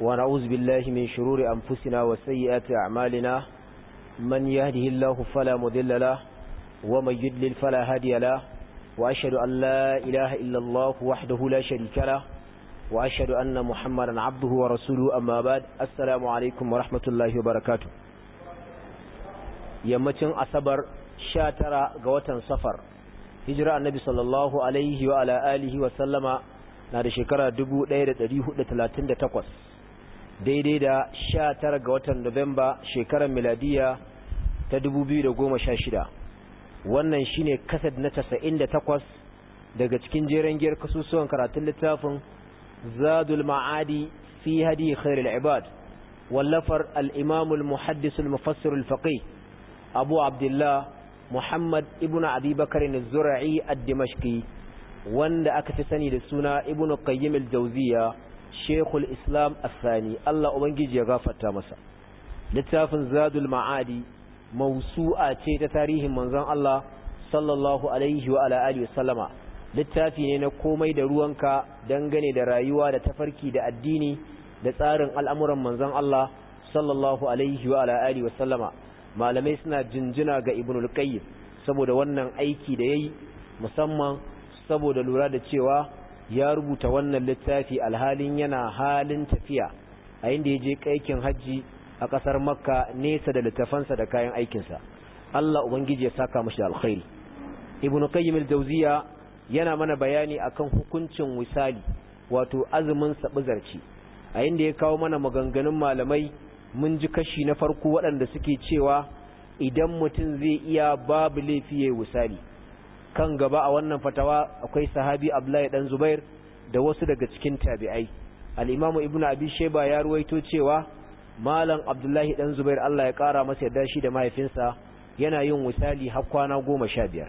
ونعوذ بالله من شرور أنفسنا وسيئات أعمالنا من يهده الله فلا مذل له ومن يدلل فلا هادي له وأشهد أن لا إله إلا الله وحده لا شريك له وأشهد أن محمدا عبده ورسوله أما بعد السلام عليكم ورحمة الله وبركاته يمتن أصبر شاتر قوة صفر هجرة النبي صلى الله عليه وعلى آله وسلم na da shekara 1438 daidai da sha tara ga watan Nuwamba shekarar miladiya ta dubu goma sha shida wannan shine kasad na casa'in da takwas daga cikin jeren giyar kasusuwan karatun littafin zadul ma'adi fi hadi khairul ibad wallafar al-imam al-muhaddis al-mufassir al-faqih abu abdullah muhammad ibn abi bakr az-zur'i ad-dimashqi wanda aka fi sani da suna ibn qayyim al-jawziya shekul islam asani Allah ubangiji ya gafarta masa littafin zadul ma'adi mausu'a ce ta tarihin manzon Allah sallallahu alaihi wa alihi wasallama littafi ne na komai da ruwanka dangane da rayuwa da tafarki da addini da tsarin al'amuran manzon Allah sallallahu alaihi wa alihi wasallama malamai suna jinjina ga ibnul qayyim saboda wannan aiki da yayi musamman saboda lura da cewa ya rubuta wannan littafi alhalin yana halin tafiya a inda ya je kaikin hajji a ƙasar makka nesa da littafansa da kayan aikinsa allah ubangiji ya saka mashi alkhairi ibn qayyim al-jawziya yana mana bayani akan hukuncin wisali wato azumin zarci, a inda ya kawo mana maganganun malamai mun ji kashi na farko waɗanda suke cewa idan mutum zai iya babu laifi ya wisali kan gaba a wannan fatawa akwai sahabi Abdullahi dan Zubair da wasu daga cikin tabi'ai al-Imam Ibn Abi Shayba ya ruwaito cewa malam Abdullahi dan Zubair Allah ya kara masa yarda shi da mahaifinsa yana yin misali har kwana 15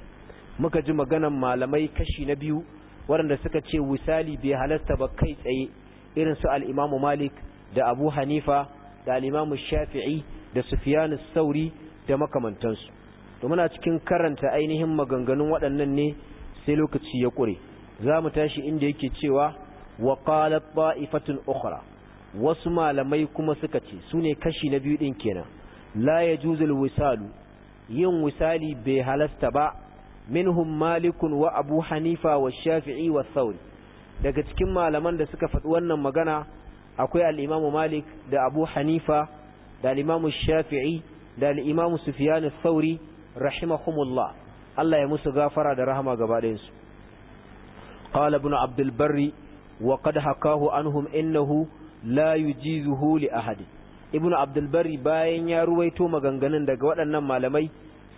muka ji maganan malamai kashi na biyu waɗanda suka ce misali bai halasta ba kai tsaye irin su al-Imam Malik da Abu Hanifa da al-Imam Shafi'i da Sufyan as-Sauri da makamantansu to muna cikin karanta ainihin maganganun waɗannan ne sai lokaci ya ƙure za mu tashi inda yake cewa wa qalat ba'ifatun ukhra wasu malamai kuma suka ce su ne kashi na biyu ɗin kenan la ya juzul wisalu yin wisali bai halasta ba minhum malikun wa abu hanifa wa shafi'i wa sauri. daga cikin malaman da suka faɗi wannan magana akwai al'imamu malik da abu hanifa da al'imamu shafi'i da al'imamu sufiyanu sauri. rahimahumullah Allah ya musu gafara da rahama gaba ɗayansu qala ibn abdul barri wa qad hakahu anhum innahu la yujizuhu li ahad ibn bayan ya ruwaito maganganun daga waɗannan malamai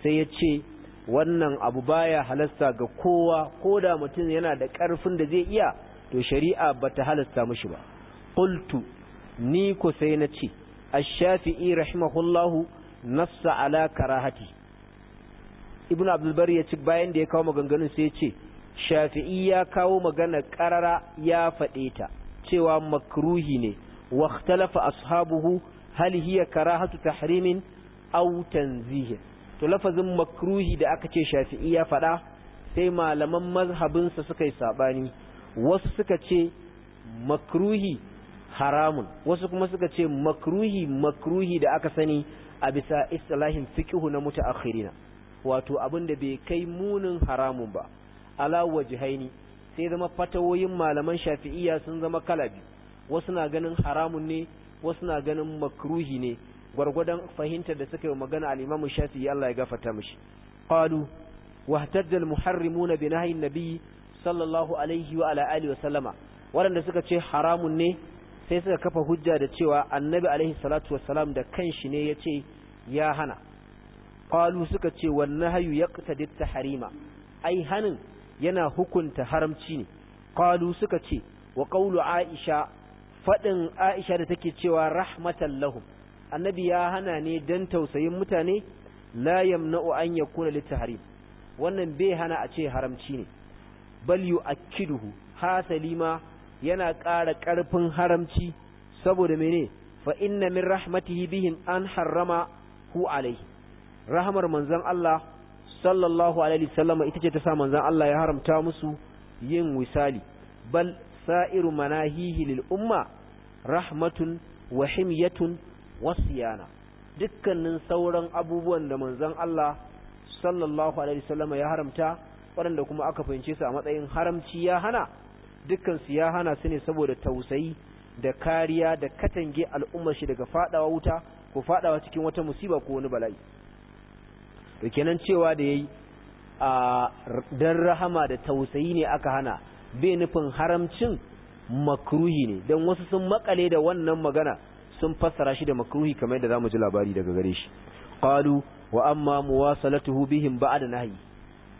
sai ya ce wannan abu baya halasta ga kowa koda mutum yana da ƙarfin da zai iya to shari'a bata halasta mishi ba qultu ni ko sai na ce ash-shafi'i rahimahullahu nassa ala karahati ibn abdulbar ya ci bayan da ya kawo maganganun sai ya ce shafi'i ya kawo magana karara ya faɗe ta cewa makruhi ne wa ikhtalafa ashabuhu hal hiya karahatu tahrimin aw tanzih to lafazin makruhi da aka ce shafi'i ya faɗa sai malaman mazhabin sa suka yi sabani wasu suka ce makruhi haramun wasu kuma suka ce makruhi makruhi da aka sani a bisa istilahin fiqhu na mutaakhirina wato abin da bai kai munin haramun ba ala wajhaini sai zama fatawoyin malaman shafi'iyya sun zama kala biyu wasu na ganin haramun ne wasu na ganin makruhi ne gwargwadon fahimtar da suka yi magana al-Imam Shafi'i Allah ya gafarta mishi qalu nahyi an-nabi sallallahu alaihi wa ala alihi wa sallama waɗanda suka ce haramun ne sai suka kafa hujja da cewa annabi alaihi salatu wassalam da kanshi ne yace ya hana qalu suka ce wannan hayu yaqtadi tahrima ai hanin yana hukunta haramci ne qalu suka ce wa qawlu aisha fadin aisha da take cewa rahmatan lahum annabi ya hana ne dan tausayin mutane la yamna'u an yakuna litahrim wannan bai hana a ce haramci ne bal yu'akkiduhu hasali ma yana ƙara ƙarfin haramci saboda mene fa inna min rahmatihi bihim an harrama hu alaihi rahamar manzan Allah sallallahu alaihi sallama ita ce ta sa manzan Allah ya haramta musu yin wisali bal sa'iru manahihi lil umma rahmatun wa himyatun wasiyana dukkanin sauran abubuwan da manzan Allah sallallahu alaihi sallama ya haramta waɗanda kuma aka fahimce su a matsayin haramci ya hana dukkan su ya hana su ne saboda tausayi da kariya da katange al'ummar shi daga fadawa wuta ko fadawa cikin wata musiba ko wani bala'i to kenan cewa da yayi a dan rahama da tausayi ne aka hana bai nufin haramcin makruhi ne don wasu sun makale da wannan magana sun fassara shi da makruhi kamar yadda zamu ji labari daga gare shi qalu wa amma muwasalatuhu bihim ba'da nahyi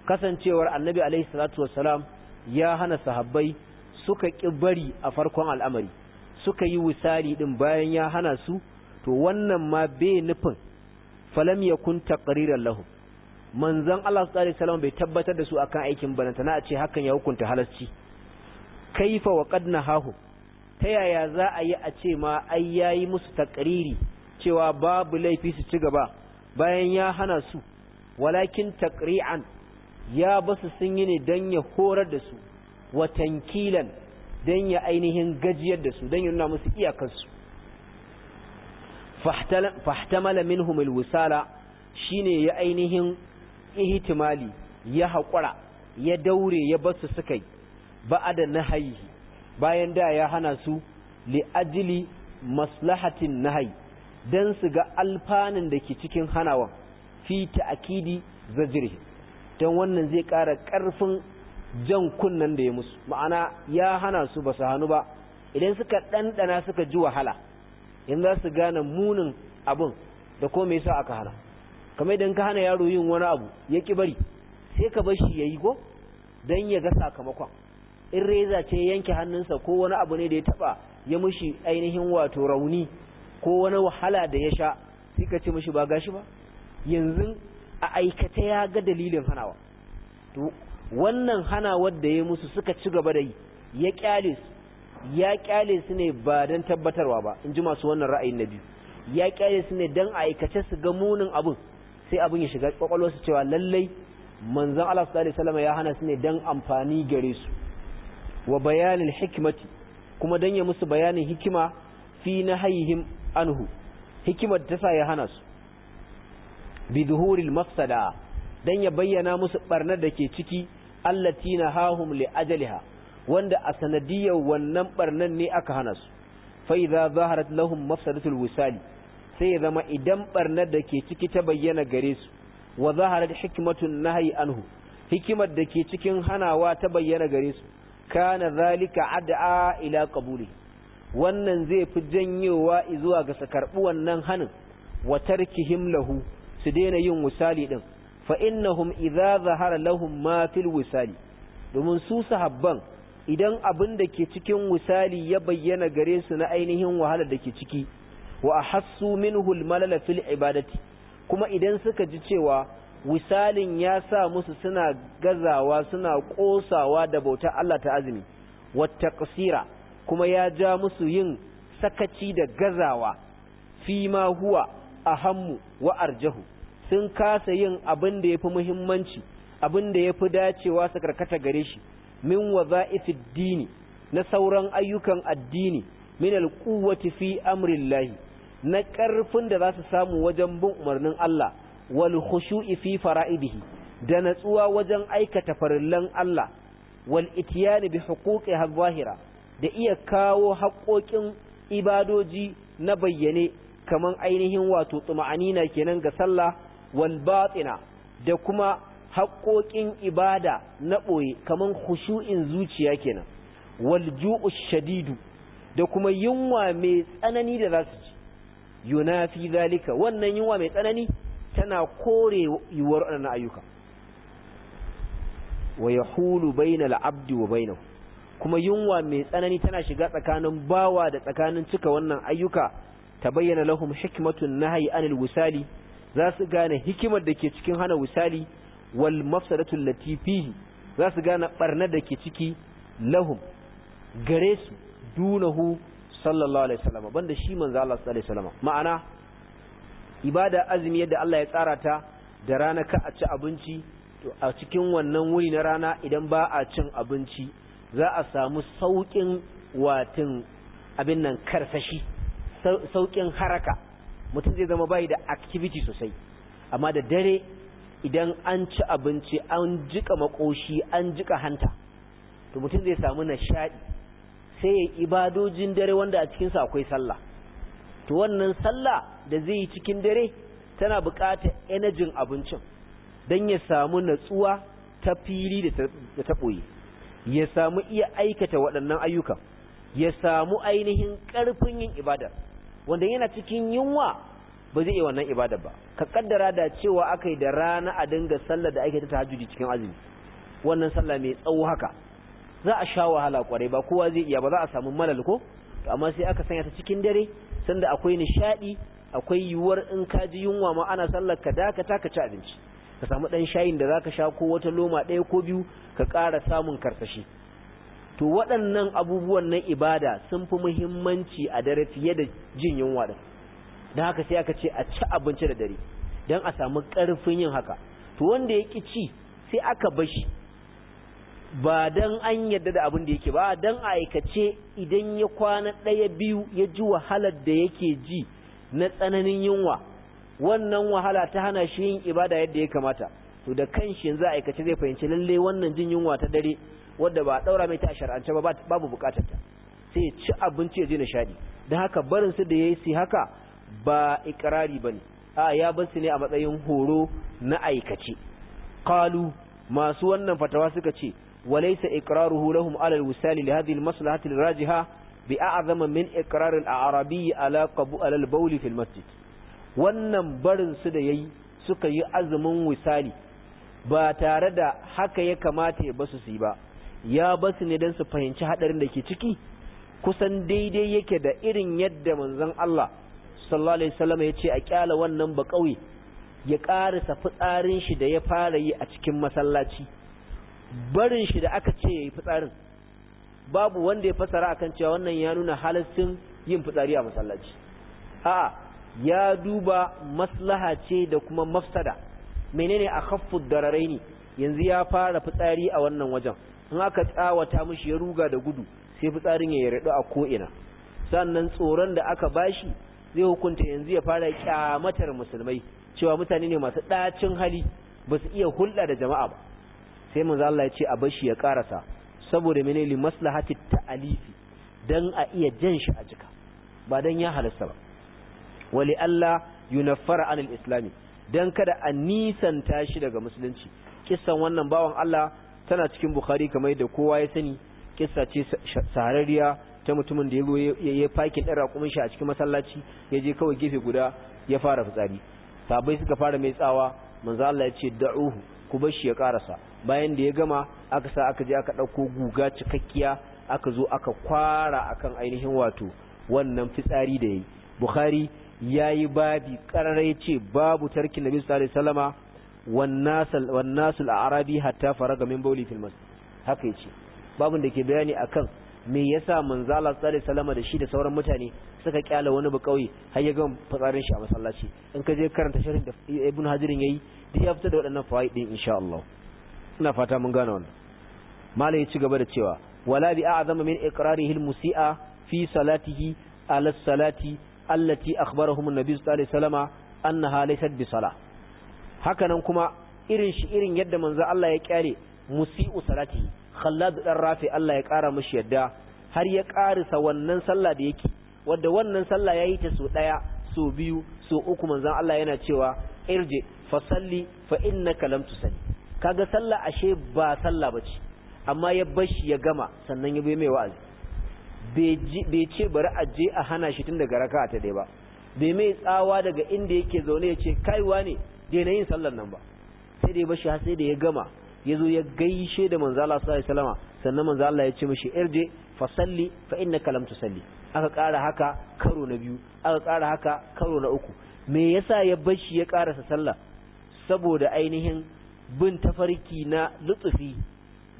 kasancewar annabi alaihi salatu wassalam ya hana sahabbai suka ki bari a farkon al'amari suka yi misali din bayan ya hana su to wannan ma bai nufin falam yakun taqriran lahu manzon Allah sallallahu alaihi bai tabbatar da su akan aikin na a ce hakan ya hukunta halacci kaifa wa qad nahahu ta yaya za a yi a ce ma ai yayi musu taqriri cewa babu laifi su ci gaba bayan ya hana su walakin taqri'an ya basu sun yi ne dan ya horar da su wa tankilan dan ya ainihin gajiyar da su dan ya nuna musu iyakansu fahtamala minhum alwisala shine ya ainihin ihtimali ya haƙura ya daure ya basu suka yi ba'ada nahayi bayan da ya hana su li ajli maslahatin nahayi dan su ga alfanin da ke cikin hanawa fi ta'kidi zajrihi dan wannan zai ƙara ƙarfin jan kunnan da ya musu ma'ana ya hana su basu hanu ba idan suka ɗanɗana suka ji wahala in za su gane munin abin da ko mai sa aka hana kamar idan ka hana yaro yin wani abu ya ki bari sai ka bar shi yi ko don ya ga sakamakon in reza ce yanke hannunsa ko wani abu ne da ya taba ya mushi ainihin wato rauni ko wani wahala da ya sha sai ka ce mushi ba gashi ba yanzu a aikata ya ga dalilin hanawa to wannan hanawar da ya musu suka ci gaba da yi ya kyale su ya kyale su ne ba don tabbatarwa ba in ji masu wannan ra'ayin na biyu ya kyale su ne don aikace su ga munin abin sai abin ya shiga su cewa lallai manzan Allah su alaihi wasallam ya hana su ne don amfani gare su wa bayanin hikimati kuma don ya musu bayanin hikima fi na hayihim anhu hikimar ta sa ya hana su bi duhuril mafsada dan ya bayyana musu ɓarnar da ke ciki allati nahahum li ajaliha wanda a sanadiyar wannan barnan ne aka hana su faiza idza zaharat lahum mafsadatul wisali sai ya zama idan barnar da ke ciki ta bayyana gare su wa zaharat hikimatun nahyi anhu hikimar da ke cikin hanawa ta bayyana gare su kana zalika ad'a ila qabuli wannan zai fi janyewa zuwa ga sakarbu wannan hanin wa tarkihim lahu su daina yin wisali din fa innahum idza zahara lahum ma fil wisali domin su sahabban idan abin da ke cikin misali ya bayyana gare su na ainihin wahala da ke ciki wa ahassu minhu almalala fil ibadati kuma idan suka ji cewa wisalin ya sa musu suna gazawa suna kosawa da bauta Allah ta azumi wa taqsira kuma ya ja musu yin sakaci da gazawa fi ma huwa ahammu wa arjahu sun kasa yin abin da yafi muhimmanci abin da yafi dacewa su karkata gare shi min wadha'ifid dini na sauran ayyukan addini min alƙuwati fi amrillahi na ƙarfin da za su samu wajen bin umarnin Allah wal khushu'i fi fara'idihi da natsuwa wajen aikata farillan Allah wal itiyani bi huquqi zahira da iya kawo haƙoƙin ibadoji na bayyane kaman ainihin wato tsuma'anina kenan ga sallah wal batina da kuma haƙoƙin ibada na ɓoye kamar khushu'in zuciya kenan walju'u shadidu da kuma yunwa mai tsanani da za su ci yunafi zalika wannan yunwa mai tsanani tana kore yiwuwar ayyuka wa yahulu bainal abdi wa bainahu kuma yunwa mai tsanani tana shiga tsakanin bawa da tsakanin cika wannan ayyuka ta bayyana lahum hikmatun nahyi anil wusali za su gane hikimar da ke cikin hana wusali wal mafsadatu lati fihi za su gane barnar da ke ciki lahum gare su dunahu sallallahu alaihi wasallam banda shi manzo Allah sallallahu alaihi wasallam ma'ana ibada azumi yadda Allah ya tsara ta da rana ka a ci abinci to a cikin wannan wuri na rana idan ba a cin abinci za a samu saukin watin abin nan karsashi saukin haraka mutum zai zama bai da activity sosai amma da dare idan an ci abinci an jika makoshi an jika hanta to mutum zai samu nishadi sai ya ibadojin dare wanda a cikinsu akwai sallah to wannan sallah da zai yi cikin dare tana buƙatar enajin abincin don ya samu natsuwa ta fili da ta ɓoye ya samu iya aikata waɗannan ayyukan ya samu ainihin ƙarfin yin ibada wanda yana cikin yunwa ba zai iya wannan ibada ba ka kaddara da cewa aka yi da rana a dinga sallar da ake ta tahajjudi cikin azumi wannan sallah mai tsawo haka za a sha wahala kwarai ba kowa zai iya ba za a samu malal ko amma sai aka sanya ta cikin dare sanda akwai nishadi akwai yiwuwar in ka ji yunwa ma ana sallar ka dakata ka ci abinci ka samu dan shayin da zaka sha ko wata loma ɗaya ko biyu ka ƙara samun karsashi to waɗannan abubuwan na ibada sun fi muhimmanci a dare fiye da jin yunwa da. don haka sai aka ce a ci abinci da dare don a samu karfin yin haka to wanda ya ƙi ci sai aka bashi ba don an yadda da abin da yake ba don aikace idan ya kwana ɗaya biyu ya ji wahalar da yake ji na tsananin yunwa wannan wahala ta hana shi yin ibada yadda ya kamata to da kanshi yanzu aikace zai fahimci lalle wannan jin yunwa ta dare wadda ba daura mai ta a shar'ance ba babu bukatar ta sai ci abinci ya ji nishaɗi don haka barin su da yayi sai haka ba ikrari bane a ya bar su ne a matsayin horo na aikace Kalu. masu wannan fatawa suka ce walaysa iqraruhu lahum Alal wisali li hadhihi al rajiha bi azaman min iqrar a arabi ala qabu ala al wannan barin su da yayi suka yi azumin wisali ba tare da haka ya kamata ya basu su yi ba ya basu ne don su fahimci haɗarin da ke ciki kusan daidai yake da irin yadda manzon Allah sallallahu alaihi wasallam ya ce a kyala wannan ba ya karisa fitsarin shi da ya fara yi a cikin masallaci barin shi da aka ce yayi fitsarin babu wanda ya fasara akan cewa wannan ya nuna halaccin yin fitsari a masallaci a'a ya duba maslaha ce da kuma mafsada menene a akhaffu dararaini yanzu ya fara fitsari a wannan wajen in aka tsawata mishi ya ruga da gudu sai fitsarin ya yarda a ko'ina sannan tsoron da aka bashi zai hukunta yanzu ya fara kyamatar musulmai cewa mutane ne masu ɗacin hali ba su iya hulɗa da jama'a ba sai manzo Allah ya ce a bashi ya karasa saboda mene li maslahati ta'alifi dan a iya jan shi a jika ba dan ya halasta ba wali Allah yunaffara anil islami dan kada a nisanta shi daga musulunci kissan wannan bawan Allah tana cikin bukhari kamar da kowa ya sani kissa ce sarariya. ta mutumin da ya ya fakin ɗin raƙumin shi a cikin masallaci ya je kawai gefe guda ya fara fitsari sabai suka fara mai tsawa manzo Allah ya ce da'uhu ku bar shi ya karasa bayan da ya gama aka sa aka je aka ɗauko guga cikakkiya aka zo aka kwara akan ainihin wato wannan fitsari da yayi bukhari yayi babi ya ce babu tarki nabi sallallahu alaihi wasallama wan nasal wan arabi hatta faraga min bawli fil masjid haka yace babun da ke bayani akan me yasa manzo Allah sallallahu alaihi da shi da sauran mutane suka kyala wani ba har ya ga fitsarin shi a masallaci in ka je karanta sharhin da Ibn Hajarin yayi duk ya fita da waɗannan fawaid din insha Allah ina fata mun gane wannan malai ya ci gaba da cewa wala bi a'zama min iqrarihi al-musi'a fi salatihi ala salati allati akhbarahum an-nabi sallallahu alaihi wasallam annaha laysat bi hakanan kuma irin shi irin yadda manzo Allah ya kyale musi'u salatihi khallad dan rafi Allah ya kara mishi yadda har ya karisa wannan sallah da yake wanda wannan sallah yayi ta so daya so biyu so uku manzon Allah yana cewa irji fa salli fa innaka lam tusalli kaga sallah ashe ba sallah bace amma ya bashi ya gama sannan ya bai mai wa'azi bai ce bari a je a hana shi tun daga raka'a ta dai ba bai mai tsawa daga inda yake zaune ya ce kaiwa ne daina yin sallar nan ba sai da ya bashi har sai da ya gama ya zo ya gaishe da manzo Allah sallallahu alaihi wasallama sannan manzo Allah ya ce mishi irje fa salli fa innaka lam tusalli aka ƙara haka karo na biyu aka ƙara haka karo na uku me yasa ya bashi ya ƙarasa sallah saboda ainihin bin tafarki na lutsufi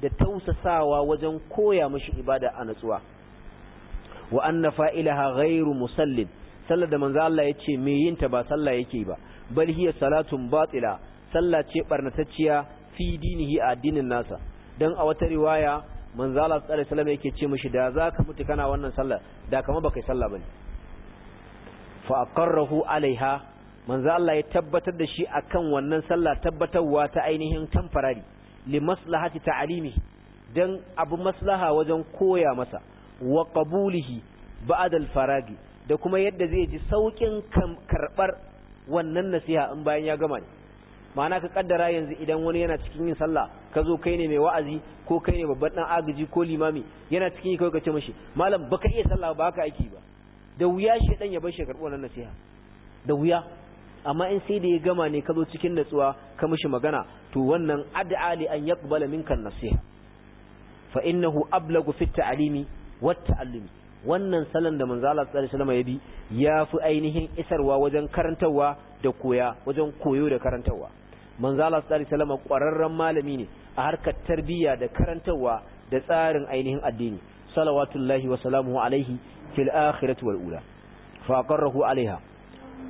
da tausasawa wajen koya mashi ibada a natsuwa wa anna fa'ilaha ghairu musallin sallar da manzo Allah ya ce me yinta ba sallah yake ba bal hiya salatun batila sallah ce barnatacciya fi dinihi a addinin nasa dan a wata riwaya manzo Allah sallallahu alaihi wasallam yake ce mishi da zaka mutu kana wannan sallah da kama baka yi sallah bane fa aqarrahu alaiha manzo Allah ya tabbatar da shi akan wannan sallah tabbatarwa ta ainihin tamfarari li maslahati ta'limi dan abu maslaha wajen koya masa wa qabulihi ba'da faragi da kuma yadda zai ji saukin karɓar wannan nasiha in bayan ya gama ne ma'ana ka kaddara yanzu idan wani yana cikin yin sallah ka zo kai ne mai wa'azi ko kai ne babban dan agaji ko limami yana cikin yi kai ka ce mishi malam baka iya sallah ba haka aiki ba da wuya shi dan ya bar shi karɓo wannan nasiha da wuya amma in sai da ya gama ne ka zo cikin natsuwa ka mishi magana to wannan ad'a li an yaqbala minkan nasiha fa innahu ablagu fi ta'limi wa ta'allumi wannan salan da manzo Allah sallallahu alaihi wasallam ya bi yafi ainihin isarwa wajen karantarwa da koya wajen koyo da karantarwa. manzo Allah sallallahu alaihi wasallam kwararren malami ne a harkar tarbiyya da karantarwa da tsarin ainihin addini salawatullahi wa salamuhu alaihi fil akhirati wal ula fa qarrahu alaiha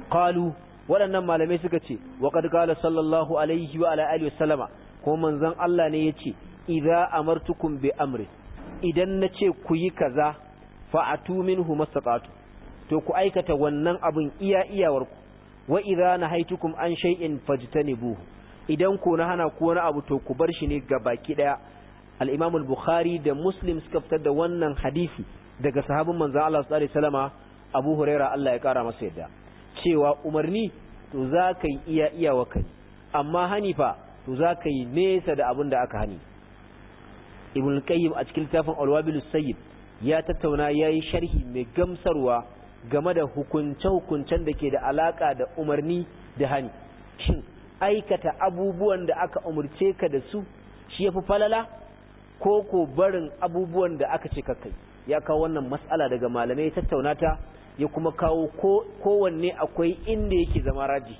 qalu waɗannan malamai suka ce wa qad qala sallallahu alaihi wa ala alihi wasallama ko manzon Allah ne yace idza amartukum bi amri idan nace ku yi kaza fa'atu minhu mastaqatu to ku aikata wannan abun iya iyawarku wa idza nahaitukum an shay'in fajtanibuhu idan ko na hana ko na abu to ku bar shi ne ga baki daya al-Imam al-Bukhari da Muslim suka fitar da wannan hadisi daga sahabin manzo Allah sallallahu alaihi wasallama Abu Huraira Allah ya kara masa yadda cewa umarni to za iya iya wa kai amma hanifa to za yi nesa da abin da aka hani ibn qayyim a cikin littafin al-wabil sayyid ya tattauna yayi sharhi mai gamsarwa game da hukunce hukuncen da ke da alaka da umarni da hani aikata abubuwan da aka umarce ka da su shi ya fi falala ko ko barin abubuwan da aka ce ka kai ya kawo wannan matsala daga malamai tattaunata ya kuma kawo kowanne akwai inda yake zama raji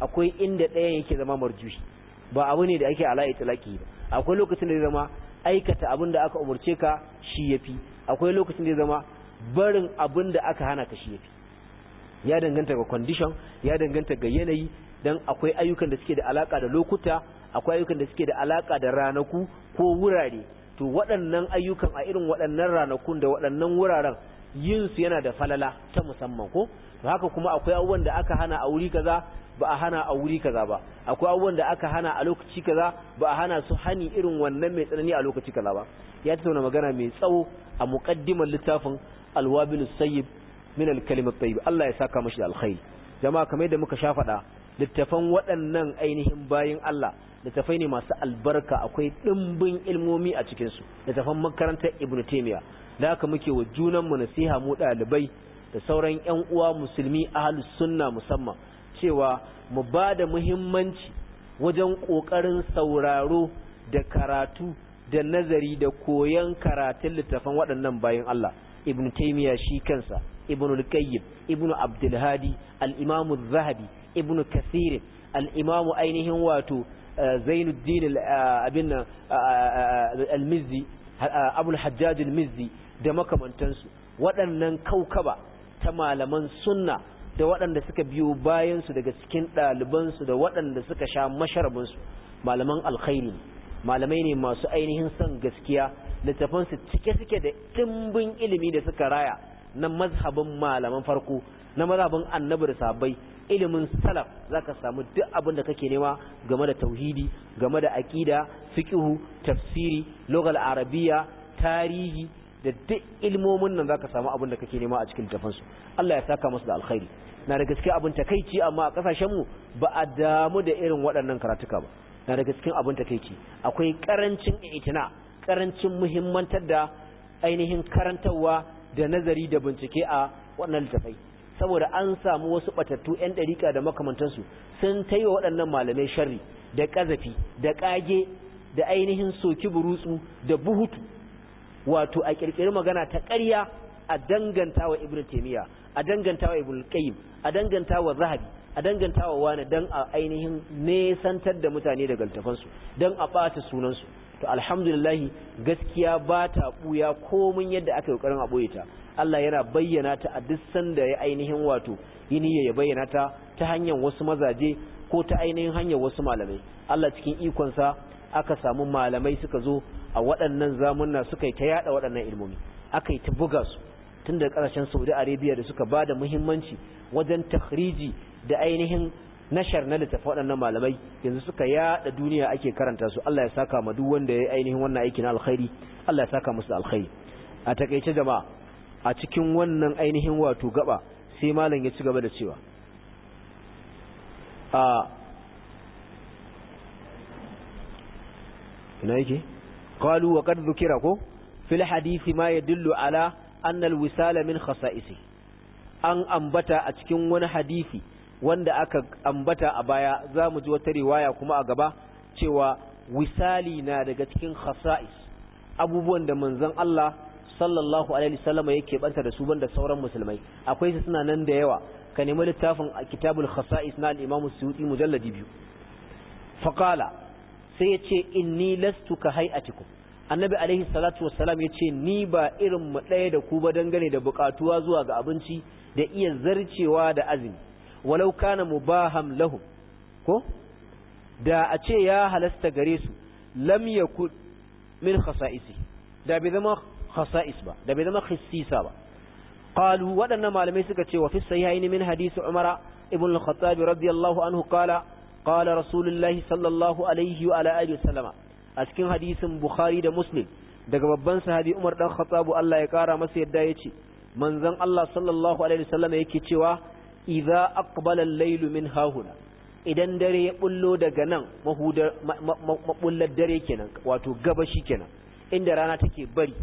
akwai inda ɗaya yake zama marjuhi ba abu ne da ake ala itilaki ba akwai lokacin da ya zama aikata abin da aka umarce ka shi ya fi akwai lokacin da ya zama barin abin da aka hana ka shi ya fi ya danganta ga condition ya danganta ga yanayi dan akwai ayyukan da suke da alaka da lokuta akwai ayyukan da suke da alaka da ranaku ko wurare to waɗannan ayyukan a irin waɗannan ranakun da waɗannan wuraren yin su yana da falala ta musamman ko to haka kuma akwai abubuwan da aka hana a wuri kaza ba a hana a wuri kaza ba akwai abubuwan da aka hana a lokaci kaza ba a hana su hani irin wannan mai tsanani a lokaci kaza ba ya tattauna magana mai tsawo a muqaddimar littafin alwabilus sayyib min alkalimat tayyib Allah ya saka mashi alkhair jama'a kamar yadda muka sha littafan waɗannan ainihin bayan Allah littafai ne masu albarka akwai ɗimbin ilmomi a cikinsu littafan makarantar ibn taimiyya da haka muke wa junan mu nasiha mu ɗalibai da sauran 'yan uwa musulmi ahlus sunna musamman cewa mu ba da muhimmanci wajen ƙoƙarin sauraro da karatu da nazari da koyon karatun littafan waɗannan bayan Allah ibn taimiyya shi kansa ibn al-qayyim ibn abdul al-imam az-zahabi ibn kathir al ainihin wato eh, zainuddin eh, abin eh, al-mizzi mizzi da makamantansu waɗannan kaukaba ta malaman sunna da waɗanda suka biyo bayansu daga cikin ɗalibansu da waɗanda suka sha masharabinsu malaman alkhairi malamai ne masu ainihin son gaskiya littafansu cike suke da ɗimbin ilimi da suka raya na mazhabin malaman farko na mazhabin annabi da sahabbai ilimin salaf zaka samu duk abin da kake nema game da tauhidi game da aƙida, fiqhu tafsiri lugal arabiya tarihi da duk ilmomin nan zaka samu abin da kake nema a cikin tafansu Allah ya saka musu da alkhairi na da gaskiya abin takeici amma a kasashen mu ba a damu da irin waɗannan karatuka ba na da gaskiya abin takeici akwai karancin itina karancin muhimmantar da ainihin karantarwa da nazari da bincike a waɗannan littafai saboda an samu wasu batattu 'yan ɗarika da makamantansu sun ta yi wa waɗannan malamai sharri da ƙazafi da ƙage da ainihin soki burutsu da buhutu wato a ƙirƙiri magana ta ƙarya a danganta wa ibn taimiyya a danganta wa ibn qayyim a danganta wa zahabi a danganta wa wani dan a ainihin nesantar da mutane daga littafansu dan a ɓata sunansu to alhamdulillah gaskiya ba ta buya komin yadda aka yi karin a boye ta Allah yana bayyana ta a duk sanda ya ainihin wato yini ya bayyana ta ta hanyar wasu mazaje ko ta ainihin hanyar wasu malamai Allah cikin ikonsa aka samu malamai suka zo a waɗannan zamunna suka yi ta yada waɗannan ilmomi aka yi ta buga su tun da ƙarshen Saudi Arabia da suka ba da muhimmanci wajen takhriji da ainihin nashar na littafa waɗannan malamai yanzu suka yaɗa duniya ake karanta su Allah ya saka ma duk wanda ya ainihin wannan aiki na alkhairi Allah ya saka musu alkhairi a takeice jama'a a cikin wannan ainihin wato gaba sai malam ya ci gaba da cewa a ina yake qalu wa qad dhukira ko fil hadisi ma yadullu ala anna al-wisala min khasa'isi an ambata a cikin wani hadisi wanda aka ambata a baya za mu ji wata riwaya kuma a gaba cewa wisali na daga cikin khasa'is abubuwan da manzon Allah sallallahu alaihi wasallam yake banta da su banda sauran musulmai akwai su suna nan da yawa ka nemi littafin kitabul khasa'is na al-Imam Suyuti mujalladi biyu faqala sai ya yace inni lastu ka hay'atikum annabi alaihi salatu wassalam ce ni ba irin mu ɗaya da ku ba dangane da bukatuwa zuwa ga abinci da iya zarcewa da azumi walau kana mubaham lahum ko da a ce ya halasta gare su lam yakun min khasa'isi da bai zama khasa'is ba da bai zama khissisa ba qalu waɗannan malamai suka ce wa fi sahihaini min hadisi umara ibn al-khattab radiyallahu anhu qala qala rasulullahi sallallahu alaihi wa ala alihi wasallama a cikin hadisin bukhari da muslim daga babban sahabi Umar dan Khattab Allah ya kara masa yadda yace manzon Allah sallallahu alaihi wasallam yake cewa Iza aqbala al laylu min hahuna idan dare ya bullo daga nan mahudar mabullar dare kenan wato gabashi kenan inda rana take bari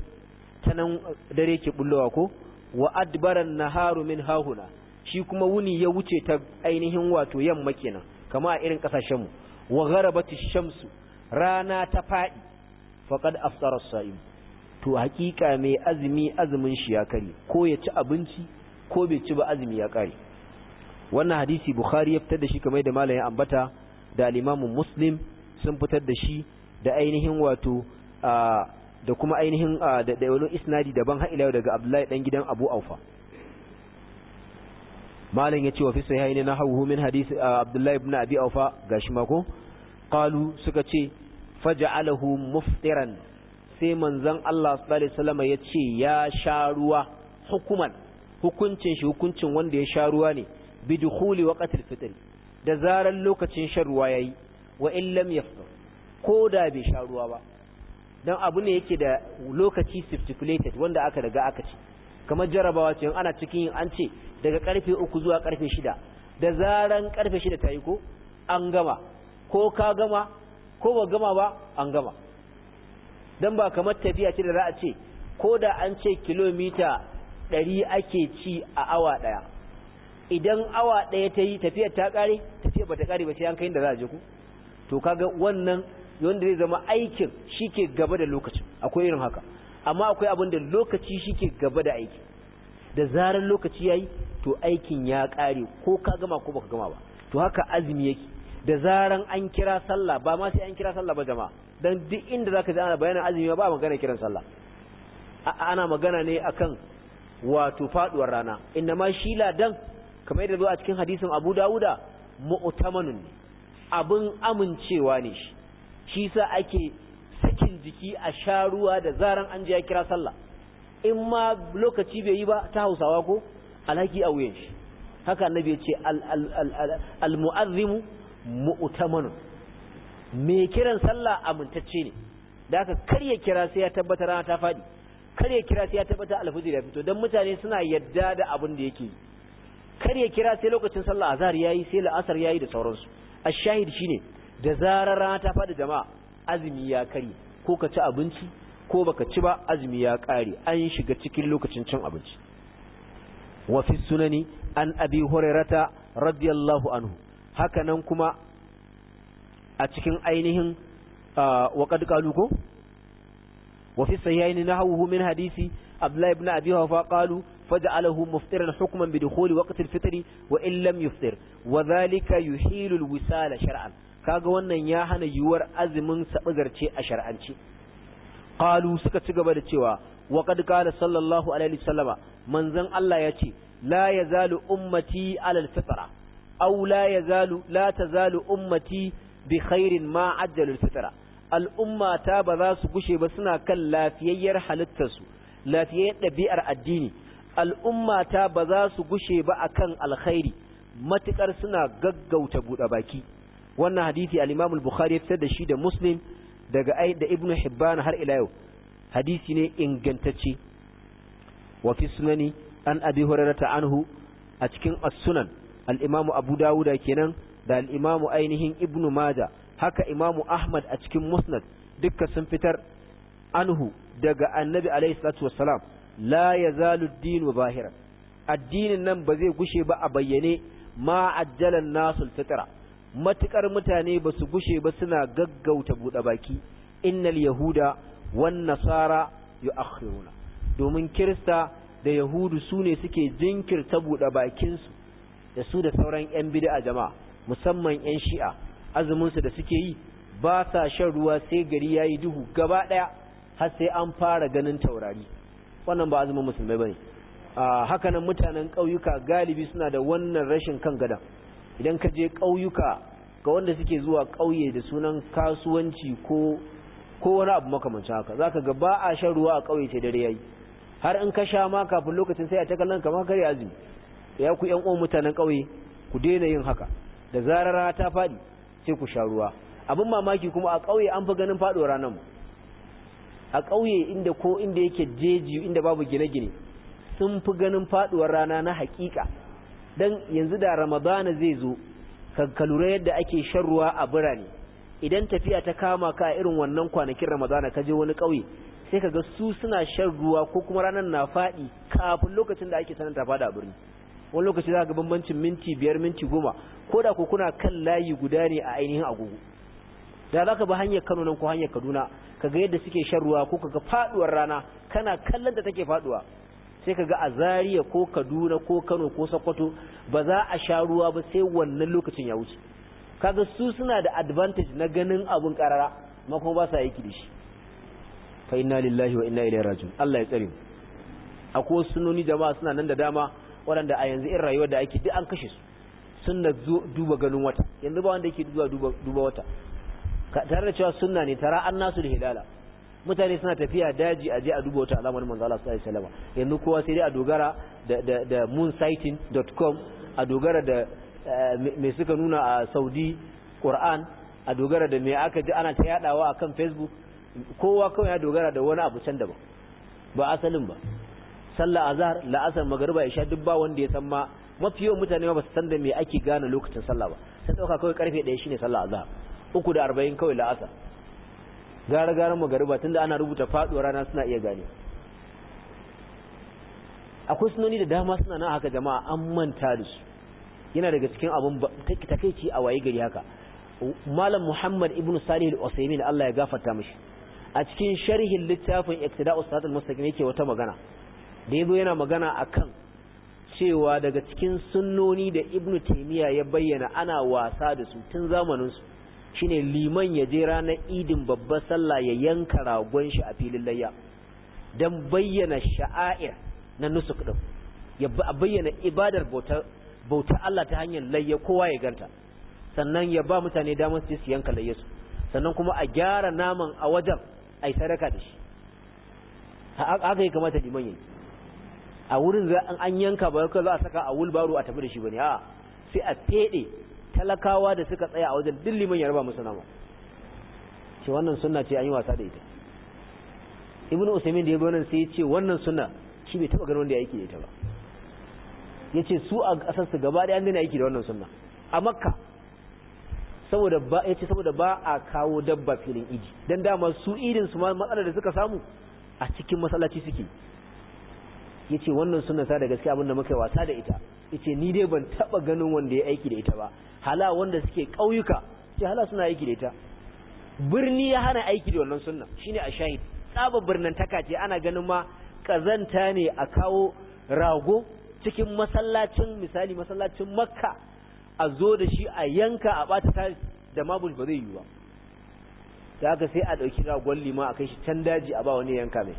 ta nan uh, dare ke bullowa ko wa adbaran naharu min hahuna shi kuma wuni ya wuce ta ainihin wato yamma kenan kama a irin kasashen mu wa gharabati shamsu rana ta fadi faqad afsara as-sa'im to hakika mai azumi azumin shi ya kare ko ya ci abinci ko bai ci ba azumi ya kare wannan hadisi bukhari ya fitar da shi kamar da malam ya ambata da al-imamu muslim sun fitar da shi da ainihin wato da kuma ainihin da wani isnadi daban har ila daga abdullahi dan gidan abu aufa malam yace wa fi sahihain hawu min hadisi abdullahi ibn abi aufa gashi mako qalu suka ce faj'alahu muftiran sai manzon Allah sallallahu alaihi wasallam yace ya sha ruwa hukuman hukuncin shi hukuncin wanda ya sha ruwa ne bi dukhuli waqtil fitr da zaran lokacin shan ruwa yayi wa in lam ko da bai sha ruwa ba don abu ne yake da lokaci stipulated wanda aka daga aka ci kamar jarabawa ce ana cikin an ce daga karfe uku zuwa karfe shida da zaran karfe ta tayi ko an gama ko ka gama ko ba gama ba an gama don ba kamar tafiya ce da za a ce ko da an ce kilomita ɗari ake ci a awa ɗaya. idan awa ɗaya ta yi tafiyar ta ƙare tafiyar ba ta ƙare ba sai an kai inda za a je ku to kaga wannan wanda zai zama aikin shi ke gaba da lokacin akwai irin haka amma akwai abin da lokaci shi ke gaba da aiki da zarar lokaci ya yi to aikin ya ƙare ko ka gama ko baka gama ba to haka azumi yake da zarar an kira sallah ba ma sai an kira sallah ba jama'a dan duk inda zaka ji ana bayanin azumi ba magana kiran sallah ana magana ne akan wato faduwar rana inna ma shi ladan kamar yadda zo a cikin hadisin Abu Dawuda mu'tamanun ne abin amincewa ne shi shi sa ake sakin jiki a sha ruwa da zaran an je ya kira sallah in ma lokaci bai yi ba ta Hausawa ko alhaki a wuyan shi haka annabi ya ce al mu'azzimu mu'tamanun me kiran sallah amintacce ne da haka kar ya kira sai ya tabbata rana ta fadi kar ya kira sai ya tabbata alfajir ya fito dan mutane suna yadda da abin da yake yi kar ya kira sai lokacin sallah azhar yayi sai la'asar yayi da sauransu ash shine da zarar rana ta fada jama'a azumi ya kare ko ka ci abinci ko baka ci ba azumi ya kare an shiga cikin lokacin cin abinci wa fi sunani an abi hurairata radiyallahu anhu haka nan kuma a cikin ainihin wa kad qalu ko wa fi sahihaini nahwu min hadisi abdullah ibn abi hawfa qalu فجعله مفطرا حكما بدخول وقت الفطر وإن لم يفطر وذلك يحيل الوسال شرعا kaga wannan ya hana yiwuwar azumin sabazarce a shar'anci qalu suka ci gaba da cewa wa qad qala sallallahu alaihi wasallama manzon Allah ce la yazalu ummati ala alfitra aw la yazalu la tazalu ummati bi khairin ma ajjalu alfitra al'umma ta ba za su gushe ba suna kan lafiyayyar halittarsu lafiyayyar ɗabi'ar addini al'ummata ba za su gushe ba akan alkhairi matukar suna gaggauta buɗe baki wannan hadisi al-Imam al-Bukhari ya fitar da shi da Muslim daga ai da Ibn Hibban har ila yau hadisi ne ingantacce wa fi sunani an Abi Hurairah anhu a cikin as-Sunan al-Imam Abu Dawud kenan da al-Imam ainihin Ibn Majah haka Imam Ahmad a cikin Musnad dukkan sun fitar anhu daga Annabi alayhi salatu wassalam la yazalu ad-din addinin nan ba zai gushe ba a bayyane ma ajjalan nasul fitra matukar mutane ba su gushe ba suna gaggauta buɗe baki innal yahuda wan nasara yu'akhiruna domin kirista da yahudu su ne suke jinkirta buɗe su da su da sauran 'yan bid'a jama'a musamman 'yan shi'a azuminsu da suke yi ba sa shan ruwa sai gari yayi duhu gaba ɗaya har sai an fara ganin taurari wannan ba azumin musulmai bane hakanan mutanen ƙauyuka galibi suna da wannan rashin kan gada idan ka je ƙauyuka ga wanda suke zuwa ƙauye da sunan kasuwanci ko wani abu makamancin haka zaka ga ba a shan ruwa a ƙauye ce dare yayi har in ka sha ma kafin lokacin sai a ta kallon kamar kare azumi ya ku yan uwan mutanen ƙauye ku daina yin haka da zarar rana ta faɗi sai ku sha ruwa abin mamaki kuma a ƙauye an fi ganin faɗuwar ranar a ƙauye inda ko inda yake jeji inda babu gine-gine sun fi ganin faduwar rana na hakika don yanzu da ramadana zai zo ka yadda ake shan ruwa a birane idan tafiya ta kama ka a irin wannan kwanakin ramadana ka je wani ƙauye sai ka ga su suna shan ruwa ko kuma ranar na faɗi kafin lokacin da ake sanar a birni wani lokaci za ga bambancin minti biyar minti goma ko da ku kuna kan layi guda ne a ainihin agogo da za ka bi hanyar kano nan ko hanyar kaduna kaga yadda suke shan ruwa ko kaga faduwar rana kana kallon da take faduwa sai kaga a Zariya ko Kaduna ko Kano ko Sokoto ba za a sha ruwa ba sai wannan lokacin ya wuce kaga su suna da advantage na ganin abun karara amma kuma ba sa aiki da shi fa inna lillahi wa inna ilaihi raji'un Allah ya tsare akwai wasu sunoni jama'a suna nan da dama waɗanda a yanzu in rayuwar da ake duk an kashe su sun duba ganin wata yanzu ba wanda yake duba duba wata tare da cewa sunna ne tara annasu da hilala mutane suna tafiya daji a je a duba wata alamar manzo Allah sallallahu alaihi wasallam yanzu kowa sai dai a dogara da dot moonsighting.com a dogara da eh, me suka nuna a Saudi Quran a dogara da me aka ji ana ta yadawa akan Facebook kowa kawai ya dogara da wani abu can daban ba asalin ba sallah azhar la'asar magriba isha duk ba wanda ya san ma mafi yawan mutane ba su san da me ake gane lokacin sallah ba sai dauka kawai karfe 1 shine sallah azhar uku da arba'in kawai la'asa gara gara magariba tun da ana rubuta faɗo rana suna iya gane akwai sunoni da dama suna na haka jama'a an manta da su yana daga cikin abin takaici a waye gari haka malam muhammad ibnu salih al-usaymin Allah ya gafarta mashi a cikin sharhin littafin iktida'us siratal mustaqim yake wata magana da yazo yana magana akan cewa daga cikin sunnoni da ibnu taymiya ya bayyana ana wasa da su tun zamanin su shine liman ya je ranar idin babbar sallah ya yanka ragon shi a filin layya don bayyana sha'air na nusuk din ya bayyana ibadar bauta Allah ta hanyar layya kowa ya ganta sannan ya ba mutane damar su yanka layya su sannan kuma a gyara naman a wajen a yi sadaka da shi haka ya kamata liman yi a wurin an yanka ba za a saka a wulbaro a tafi da shi ne a'a sai a fede talakawa da suka tsaya a wajen dilli mun ya musu nama ce wannan sunna ce an yi wasa da ita ibn usaimin da ya wannan sai ya ce wannan sunna shi bai taba ganin wanda ya aiki da ita ba ya ce su a kasar su gaba da an gani aiki da wannan sunna a makka saboda ba ya ce saboda ba a kawo dabba filin iji dan dama su idin su matsalar da suka samu a cikin masallaci suke ya ce wannan sunna ta da gaske abin da muka wasa da ita ya ce ni dai ban taba ganin wanda ya aiki da ita ba hala wanda suke kauyuka ce hala suna aiki da ita birni ya hana aiki da wannan sunna shine a shahid tsaba birnin taka ce ana ganin ma kazanta ne a kawo rago cikin masallacin misali masallacin makka a zo da shi a yanka a bata ta da mabul ba zai yi ba da haka sai a ɗauki ragon lima a kai shi can daji a ba wani yanka mai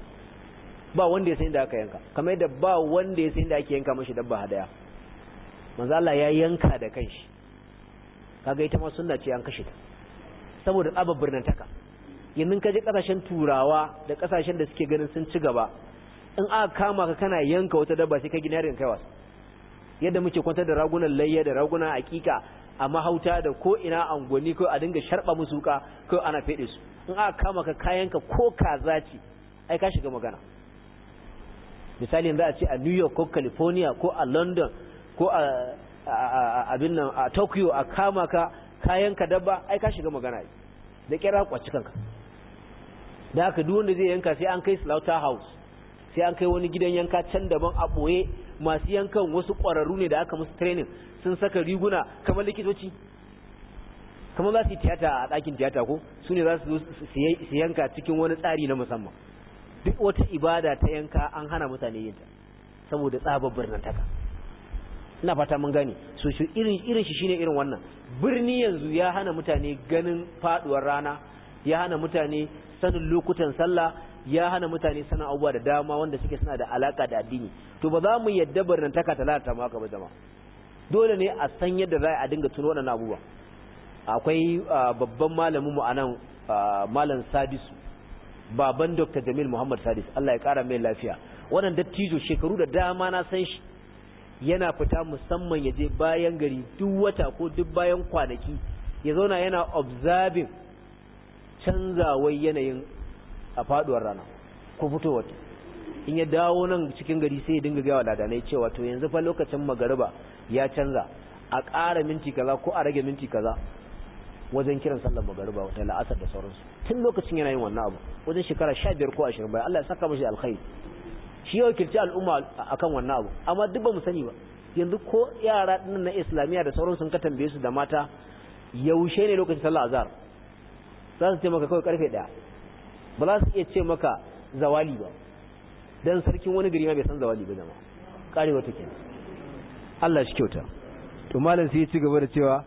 ba wanda ya san da aka yanka kamar yadda ba wanda ya san da ake yanka mashi dabba hadaya manzo Allah ya yanka da kanshi kaga ita ma sunna ce an kashe ta saboda tsabar taka yanzu ka je kasashen turawa da kasashen da suke ganin sun ci gaba in aka kama ka kana yanka wata dabba sai ka gina yarin kai yadda muke kwantar da ragunan layya da ragunan hakika a mahauta da ko ina angoni ko a dinga sharba musu ka ko ana fede su in aka kama ka kayanka ko kaza ce ai ka shiga magana misali yanzu a ce a New York ko California ko a London ko a abin nan a tokyo a kama ka kayan ka dabba ai ka shiga magana da kira kwaci kanka da haka duk wanda zai yanka sai an kai slaughter house sai an kai wani gidan yanka can daban a boye masu yankan wasu ƙwararru ne da aka musu training sun saka riguna kamar likitoci kamar za su yi tiyata a ɗakin tiyata ko su ne za su su yanka cikin wani tsari na musamman duk wata ibada ta yanka an hana mutane yin ta saboda tsabar birnin taka ina fata mun gani so shi irin irin shi shine irin wannan birni yanzu ya hana mutane ganin faduwar rana ya hana mutane sanin lokutan sallah ya hana mutane sanin abubuwa da dama wanda suke suna da alaka da addini to ba za mu yadda barnan taka talata maka ba jama'a dole ne a san yadda za a dinga tuno wannan abubuwa akwai babban malamin mu anan malam Sadisu baban Dr. Jamil Muhammad Sadis Allah ya kara mai lafiya wannan dattijo shekaru da dama na san shi yana fita musamman ya je bayan gari duk wata ko duk bayan kwanaki ya zauna yana observing canzawar yanayin a faduwar rana ko fitowar in ya dawo nan cikin gari sai ya dinga gawa ladanai cewa to yanzu fa lokacin magariba ya canza a ƙara minti kaza ko a rage minti kaza wajen kiran sallar magariba wata la'asar da sauransu tun lokacin yana yin wannan abu wajen shekara sha biyar ko ashirin bayan Allah ya saka mashi alkhairi shi ya wakilci al'umma akan wannan abu amma duk ba mu sani ba yanzu ko yara na islamiyya da sauran sun ka tambaye su da mata yaushe ne lokacin sallah azhar za su ce maka kawai karfe daya ba za su iya ce maka zawali ba dan sarkin wani gari ma bai san zawali ba jama'a karewa kenan. Allah shi kyauta to malam sai ya ci gaba da cewa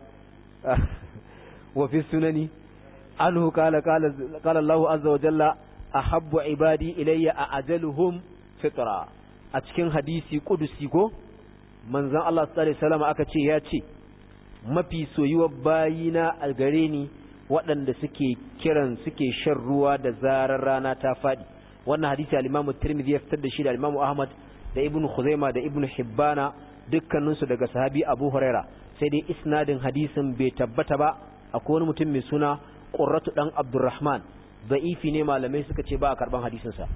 wa fi sunani anhu qala qala qala Allah azza wa jalla ahabbu ibadi ilayya a ajaluhum fitra a cikin hadisi kudusi ko manzan Allah sallallahu alaihi aka ce ya ce mafi soyuwar bayina a gare ni waɗanda suke kiran suke shan ruwa da zarar rana ta faɗi wannan hadisi al-Imam Tirmidhi ya fitar da shi da al Ahmad da Ibn Khuzaimah da Ibn Hibbana dukkaninsu daga sahabi Abu Huraira sai dai isnadin hadisin bai tabbata ba akwai wani mutum mai suna Qurratu dan Abdurrahman da'ifi ne malamai suka ce ba a karban hadisin sa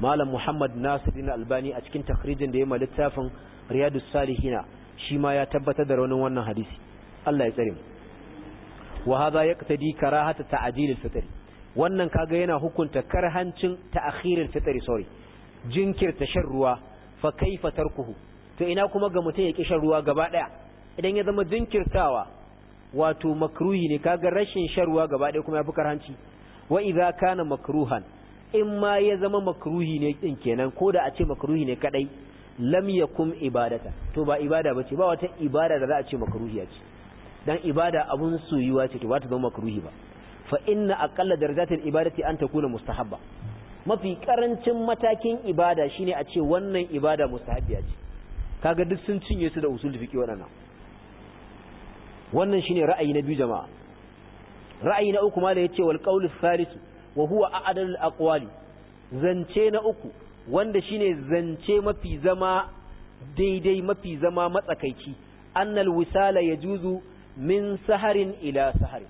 malam muhammad nasirin albani a cikin takrijin da ya ma littafin riyadus salihina shi ma ya tabbatar da raunin wannan hadisi Allah ya tsare mu wa hadha yaqtadi karahata ta'jil al-fitr wannan kaga yana hukunta karhancin ta'khir al-fitr sorry jinkirta shan ruwa fa kaifa tarkuhu to ina kuma ga mutum ya ki shan ruwa gaba daya idan ya zama jinkirtawa wato makruhi ne kaga rashin shan ruwa gaba daya kuma fi karhanci wa idza kana makruhan in ma ya zama makruhi ne din kenan ko da a ce makruhi ne kadai lam yakum ibadata to ba ibada bace ba wata ibada da za a ce makruhi ce dan ibada abun soyuwa ce to ba ta zama makruhi ba fa inna aqalla darajatil ibadati an takuna mustahabba mafi karancin matakin ibada shine a ce wannan ibada mustahabbiya ce kaga duk sun cinye su da usul fiqi wadannan wannan shine ra'ayi na biyu jama'a ra'ayi na uku ma da yace wal qawlu thalith wa huwa a'adul aqwali zance na uku wanda shine zance mafi zama daidai mafi zama matsakaici annal wisala yajuzu min saharin ila sahari,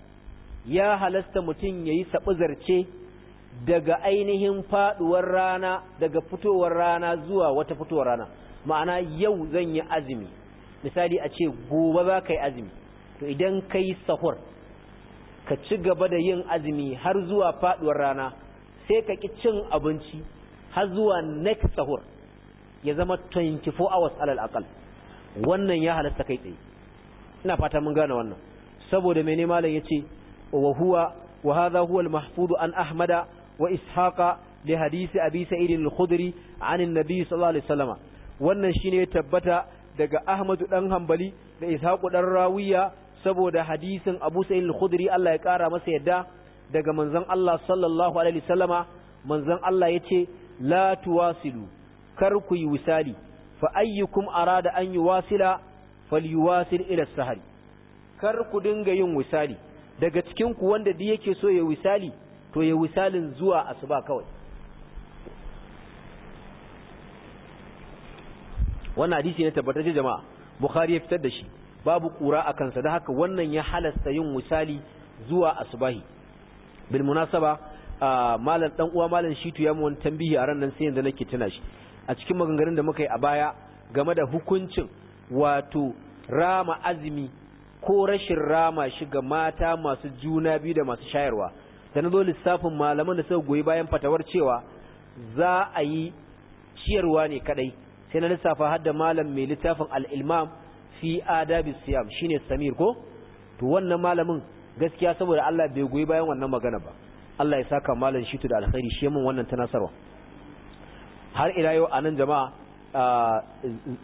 ya halasta mutum yayi zarce daga ainihin faduwar rana daga fitowar rana zuwa wata fitowar rana ma'ana yau zan yi azumi misali a ce gobe za ka yi azumi to idan ka yi sahur ka ci gaba da yin azumi har zuwa faduwar rana sai ka ki cin abinci har zuwa next sahur ya zama 24 hours alal aqal wannan ya halasta kai tsaye ina fata mun gane wannan saboda mene malam yace wa huwa wa hadha huwa al mahfud an ahmada wa ishaqa li hadisi abi sa'id al khudri an an nabi sallallahu alaihi wasallam wannan shine ya tabbata daga ahmadu dan hanbali da ishaqu dan rawiya saboda hadisin Abu sai al-Khudri Allah ya kara masa yadda daga manzon Allah sallallahu alaihi wasallama manzon Allah yace la tuwasilu kar ku yi wisali fa ayyukum arada an yuwasila falyuwasil ila sahari kar ku dinga yin wisali daga cikin ku wanda duk yake so ya wisali to ya wisalin zuwa asuba kawai wannan hadisi ne tabbatacce jama'a bukhari ya fitar da shi babu kura a kansa da haka wannan ya halasta yin misali zuwa asubahi bil munasaba malam dan uwa malam shitu ya mun tambihi a ran nan sai yanzu nake tuna shi a cikin maganganun da muka yi a baya game da hukuncin wato rama azumi ko rashin rama shi ga mata masu juna biyu da masu shayarwa da na zo lissafin malaman da suka goyi bayan fatawar cewa za a yi ciyarwa ne kadai sai na lissafa har da malam mai littafin al-ilmam fi adabi siyam shine samir ko to wannan malamin gaskiya saboda Allah bai goyi bayan wannan magana ba Allah ya saka malam shitu da alkhairi shi mun wannan tanasarwa har ila yau anan jama'a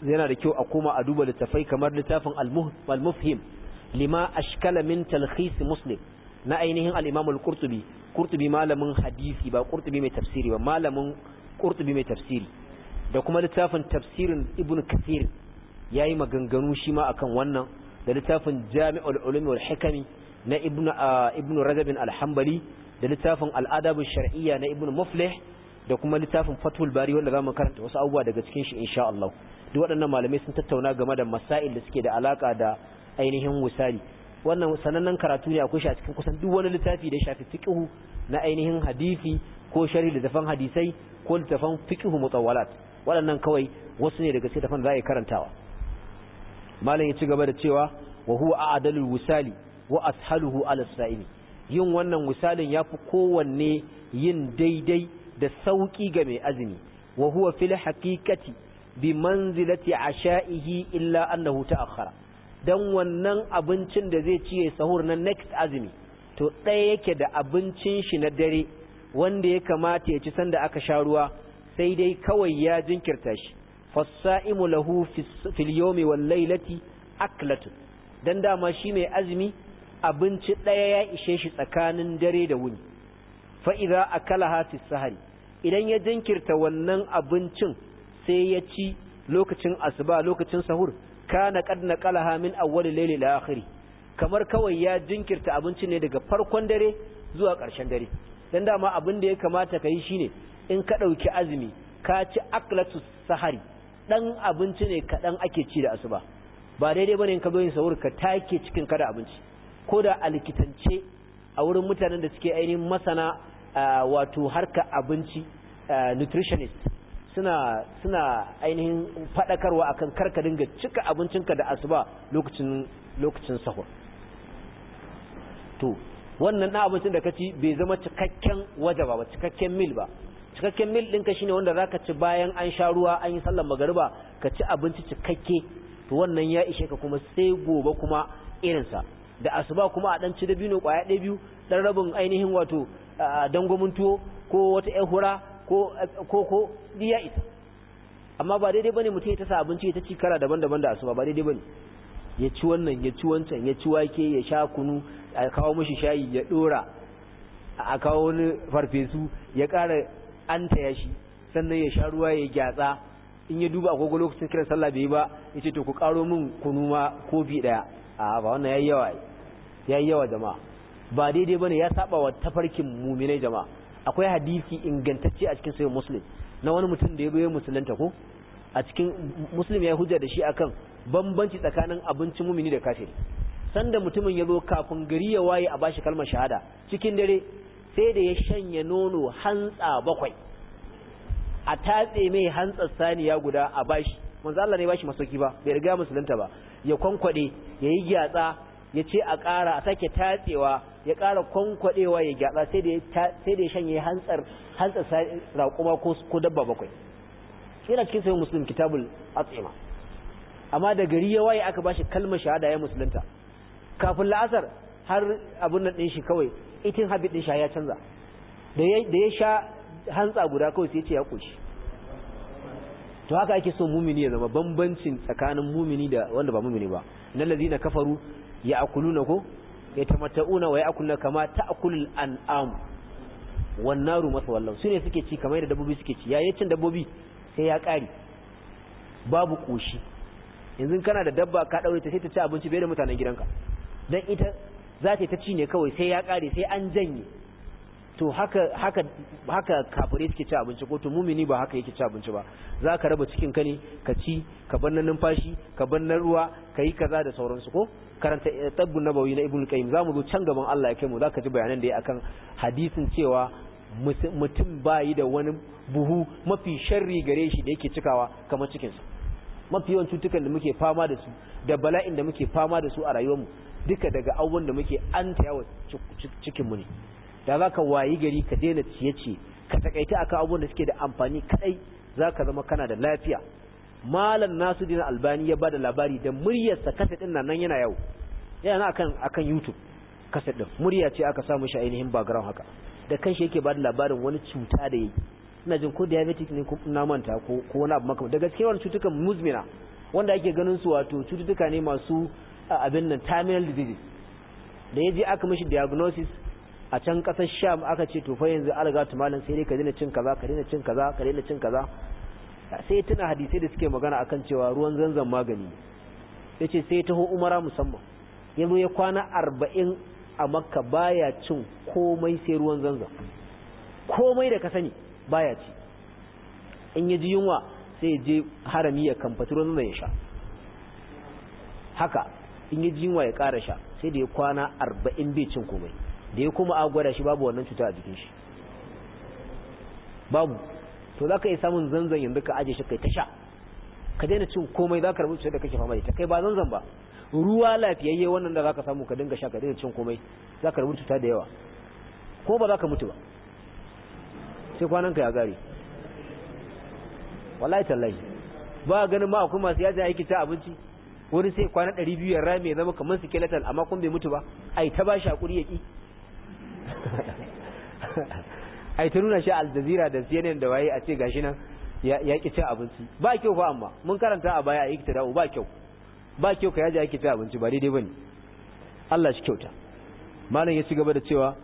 yana da kyau a koma a duba littafai kamar littafin al-mufhim lima ashkala min talkhis muslim na ainihin al-imam al-qurtubi qurtubi malamin hadisi ba qurtubi mai tafsiri ba malamin qurtubi mai tafsiri da kuma littafin tafsirin ibn kathir yayi maganganu shi ma akan wannan da littafin Jami'ul Ulum wal Hikami na ibnu Ibn alhambali al-Hanbali da littafin Al-Adab shariyya na ibnu Muflih da kuma littafin Fathul Bari wanda zamu karanta wasu abubuwa daga cikin shi insha Allah duk waɗannan malamai sun tattauna game da masail da suke da alaka da ainihin wusali wannan sanannen karatu ne akwai shi a cikin kusan duk wani littafi da ya shafi fiqhu na ainihin hadisi ko sharhi da hadisai ko littafin fiqhu mutawwalat waɗannan kawai wasu ne daga cikin da za a yi karantawa malam ya ci gaba da cewa wa huwa a'dalul wusali wa ashaluhu ala yin wannan wusalin yafi kowanne yin daidai da sauki ga mai azumi wa huwa fil haqiqati bi manzilati asha'ihi illa annahu ta'akhkhara dan wannan abincin da zai ciye sahur na next azumi to ɗaya yake da abincin shi na dare wanda ya kamata ya ci sanda aka sha ruwa sai dai kawai ya jinkirta shi fasa'imu lahu fil yawmi wal don dan dama shi mai azumi abinci ɗaya ya ishe shi tsakanin dare da wuni fa'ida a akalaha sahari idan ya jinkirta wannan abincin sai ya ci lokacin asuba lokacin sahur kana qad naqalaha min awwal layli ila akhiri kamar kawai ya jinkirta abinci ne daga farkon dare zuwa ƙarshen dare dan dama abin da ya kamata kai shine in ka dauki azumi ka ci aklatus sahari dan abinci ne kaɗan ake ci da asuba ba daidai bane in ka zo yin sahur ka take cikin kada abinci ko da alkitance a wurin mutanen da suke ainihin masana wato harka abinci nutritionist suna suna ainihin faɗakarwa akan karka dinga cika abincinka da asuba lokacin lokacin sahur to wannan na abincin da ka ci bai zama cikakken wajaba ba cikakken mil ba cikakken mil ɗinka shine wanda zaka ci bayan an sha ruwa an yi sallar magariba ka ci abinci cikakke to wannan ya ishe ka kuma sai gobe kuma irinsa da asuba kuma a dan ci da bino kwaya ɗaya biyu ɗan rabin ainihin wato dangomin tuwo ko wata ƴan hura ko ko ya isa amma ba daidai bane mutum ya ta sa abinci ya ta ci kara daban-daban da asuba ba daidai bane ya ci wannan ya ci wancan ya ci wake ya sha kunu a kawo mashi shayi ya ɗora a kawo wani farfesu ya kara an taya shi sannan ya sha ruwa ya gyatsa in ya duba agogo lokacin kiran sallah bai ba ce to ku karo min kunu ma kofi daya a ba wannan yayi yawa yayi yawa jama'a ba daidai bane ya saba wa tafarkin mu'minai jama'a akwai hadisi ingantacce a cikin sahih muslim na wani mutum da ya bayyana musulunta ko a cikin muslim ya hujja da shi akan bambanci tsakanin abincin mumini da kafiri sanda mutumin ya zo kafin gari ya waye a bashi kalmar shahada cikin dare sai da ya shanya nono hantsa bakwai a tatse mai hantsar saniya guda a bashi manzo Allah ne bashi masoki ba bai riga musulunta ba ya kwankwade ya yi gyatsa ya ce a ƙara a sake tatsewa ya ƙara kwankwadewa ya gyatsa sai da ya shanye hantsar hantsar raƙuma ko dabba bakwai yana cikin sayin musulun kitabul atsima amma da gari ya waye aka bashi kalmar shahada ya musulunta kafin la'asar har abun nan din shi kawai itin habit din sha ya canza da ya sha hantsa guda kawai sai ce ya koshi to haka ake so mumini ya zama bambancin tsakanin mumini da wanda ba mumini ba na lazina kafaru ya akuluna ko ya tamatta'una wa ya akuluna kama ta'kulul an'am wan naru su sune suke ci kamar da dabbobi suke ci yayi cin dabbobi sai ya kare babu koshi yanzu kana da dabba ka daure ta sai ta ci abinci bai da mutanen gidanka dan ita za ta ta ci ne kawai sai ya kare sai an janye to haka kafirai suke ci abinci ko to mumini ba haka yake ci abinci ba za ka raba cikin kani ka ci ka ban na numfashi ka bar na ruwa ka yi kaza da sauransu ko karanta eh, tabbun nabawi na ibnu qayyim zamu zo can gaban Allah ya kai mu zaka ji bayanan da ya akan hadisin cewa mutum bayi da wani buhu mafi sharri gare shi da yake cikawa kamar sa mafi yawan cutukan da muke fama da su da bala'in da muke fama da su a rayuwarmu duka daga abubuwan da muke an tayawa cikinmu ne da za ka wayi gari ka daina ciye-ciye ka takaita akan abubuwan da suke da amfani kadai za ka zama kana da lafiya malam dina albani ya bada labari da muryarsa kasa din nan yana yau yana akan akan youtube kasa din murya ce aka samu shi ainihin background haka da kanshi yake bada labarin wani cuta da yake ina jin ko diabetic ne ko na manta ko ko wani abu da gaskiya wani cutukan muzmina wanda ake ganin su wato cututtuka ne masu A abin nan terminal disease da ya je aka mishi diagnosis a can kasar sham aka ce to fa yanzu alga tumalin sai dai ka daina cin kaza ka daina cin kaza ka daina cin kaza sai tuna hadisai da suke magana akan cewa ruwan zanzan magani yace sai taho umara musamman yazo ya kwana arba'in a makka baya cin komai sai ruwan zanzan komai da ka sani baya ci in ya ji yunwa sai je harami ya kamfati ruwan zanzan ya sha haka in ya ji ya ƙara sha sai da ya kwana arba'in bai cin komai da ya kuma agwada shi babu wannan cuta a jikin shi babu to za ka iya samun zanzan yanzu ka aje shi kai ta sha ka daina cin komai za ka rabu cuta da kashe fama da ita kai ba zanzan ba ruwa lafiyayye wannan da za ka samu ka dinga sha ka daina cin komai za ka rabu cuta da yawa ko ba za ka mutu ba sai kwanan ka ya gari wallahi tallahi ba ganin ma akwai masu yajin aiki ta abinci wani sai kwana ɗari biyu ya rame ya zama kamar skeletal amma kun bai mutu ba ai ta ba shi hakuri ya ki ai ta nuna shi aljazira da CNN da waye a ce gashi nan ya ki cin abinci ba kyau fa amma mun karanta a baya a iktida'u ba kyau ba kyau ka yaji ake cin abinci ba daidai bane Allah shi kyauta malam ya ci gaba da cewa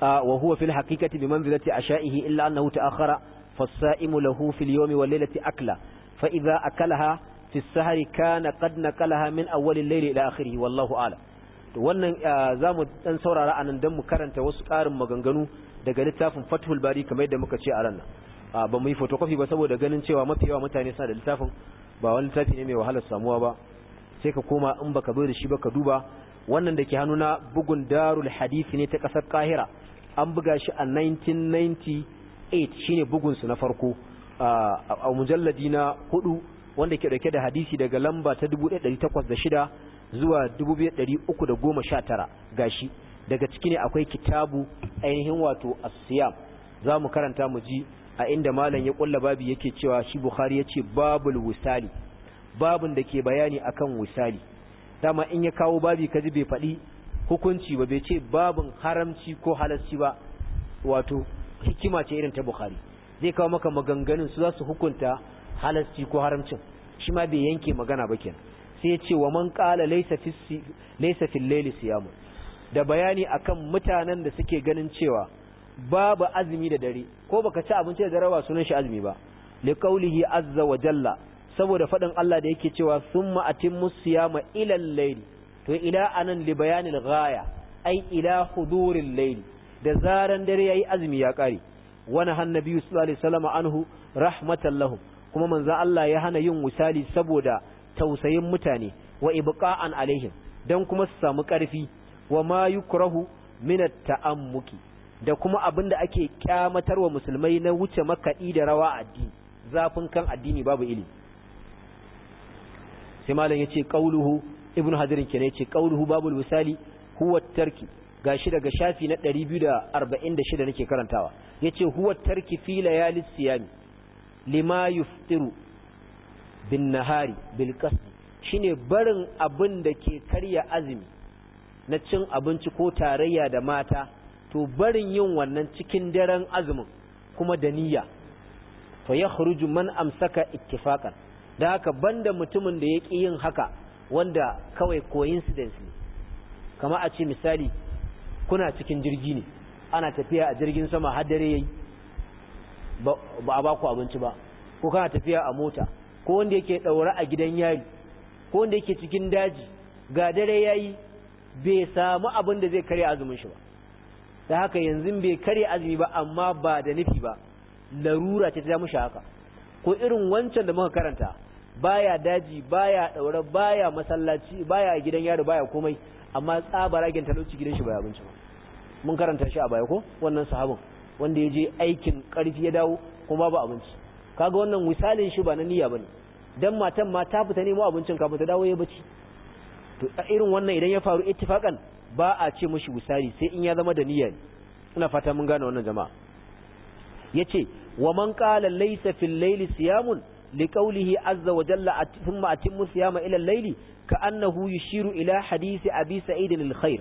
wa huwa fil haqiqati bi manzilati asha'ihi illa annahu ta'akhkhara fas-sa'imu lahu fil yawmi wal laylati akla fa idha akalaha fi sahari kana qad naqalaha min awwalil layli ila akhirih wallahu a'lam to wannan zamu dan saurara anan dan mu karanta wasu karin maganganu daga littafin Fathul Bari kamar yadda muka ce a ran nan ah, ba mu yi photocopy ba saboda ganin cewa mafi yawa mutane suna da littafin ba wani littafi ne mai wahalar samuwa ba sai ka koma in baka bar da shi ba ka duba wannan da ke hannu na bugun Darul hadisi ne ta kasar Kahira an buga shi a 1998 shine bugun su na farko ah, a mujalladi na hudu. wanda ke dauke da hadisi daga lamba ta 1806 zuwa 2319 gashi daga ciki ne akwai kitabu ainihin wato as-siyam zamu karanta mu ji a inda malam ya kulla babi yake cewa shi bukhari yace babul wisali babun da ke bayani akan wisali dama in ya kawo babi kaji bai faɗi hukunci ba bai ce babun haramci ko halarci ba wato hikima ce irin ta bukhari zai kawo maka maganganun su za su hukunta halasci ko haramcin shi ma bai yanke magana ba kenan sai ya ce wa man qala laysa fi laysa fil layli siyam da bayani akan mutanen da suke ganin cewa babu azumi da dare ko baka ci abinci da dare ba sunan shi azumi ba li qawlihi azza wa jalla saboda fadin Allah da yake cewa summa atimmu siyama ila al-layli to ila anan li bayanil ghaya ai ila huduril layli da zaran dare yayi azumi ya kare wani hannabi sallallahu alaihi wasallam anhu rahmatan lahum kuma manzo Allah ya hana yin misali saboda tausayin mutane wa ibqa'an alaihim dan kuma su samu ƙarfi wa ma yukrahu min at-ta'ammuki da kuma abinda ake kyamatarwa musulmai na wuce makaɗi da rawa addini zafin kan addini babu ilimi sai malam yace qauluhu ibnu hadirin kenan yace qauluhu babul misali huwa tarki gashi daga shafi na 246 nake karantawa yace huwa tarki fi layalis siyami lima yuftiru bin nahari bil qasdi shine barin abin da ke karya azumi na cin abinci ko tarayya da mata to barin yin wannan cikin daren azumin kuma da niyya fa yakhruju man amsaka ittifaqan da haka banda mutumin da yake yin haka wanda kawai coincidence ne kama a ce misali kuna cikin jirgi ne ana tafiya a jirgin sama har dare yayi ba a baku abinci ba ko kana tafiya a mota ko wanda yake ɗaura a gidan yari ko wanda yake cikin daji ga dare yayi bai samu abin da zai karya azumin shi ba da haka yanzu bai karya azumi ba amma ba da nufi ba larura ce ta mushi haka ko irin wancan da muka karanta baya daji baya daura baya masallaci baya gidan yari baya komai amma tsabaragen talauci gidan shi baya abinci ba mun karanta shi a baya ko wannan sahabin wanda ya je aikin ƙarfi ya dawo kuma ba abinci kaga wannan misalin shi ba na niyya bane dan matan ma ta fita nemo abincin kafin ta dawo ya bace to irin wannan idan ya faru ittifakan ba a ce mishi misali sai in ya zama da niyya ne ina fata mun gane wannan jama'a yace wa man qala laysa fil layli siyamun liqawlihi azza wa jalla thumma atimmu siyama ila al-layli ka'annahu yushiru ila hadisi abi sa'id al-khair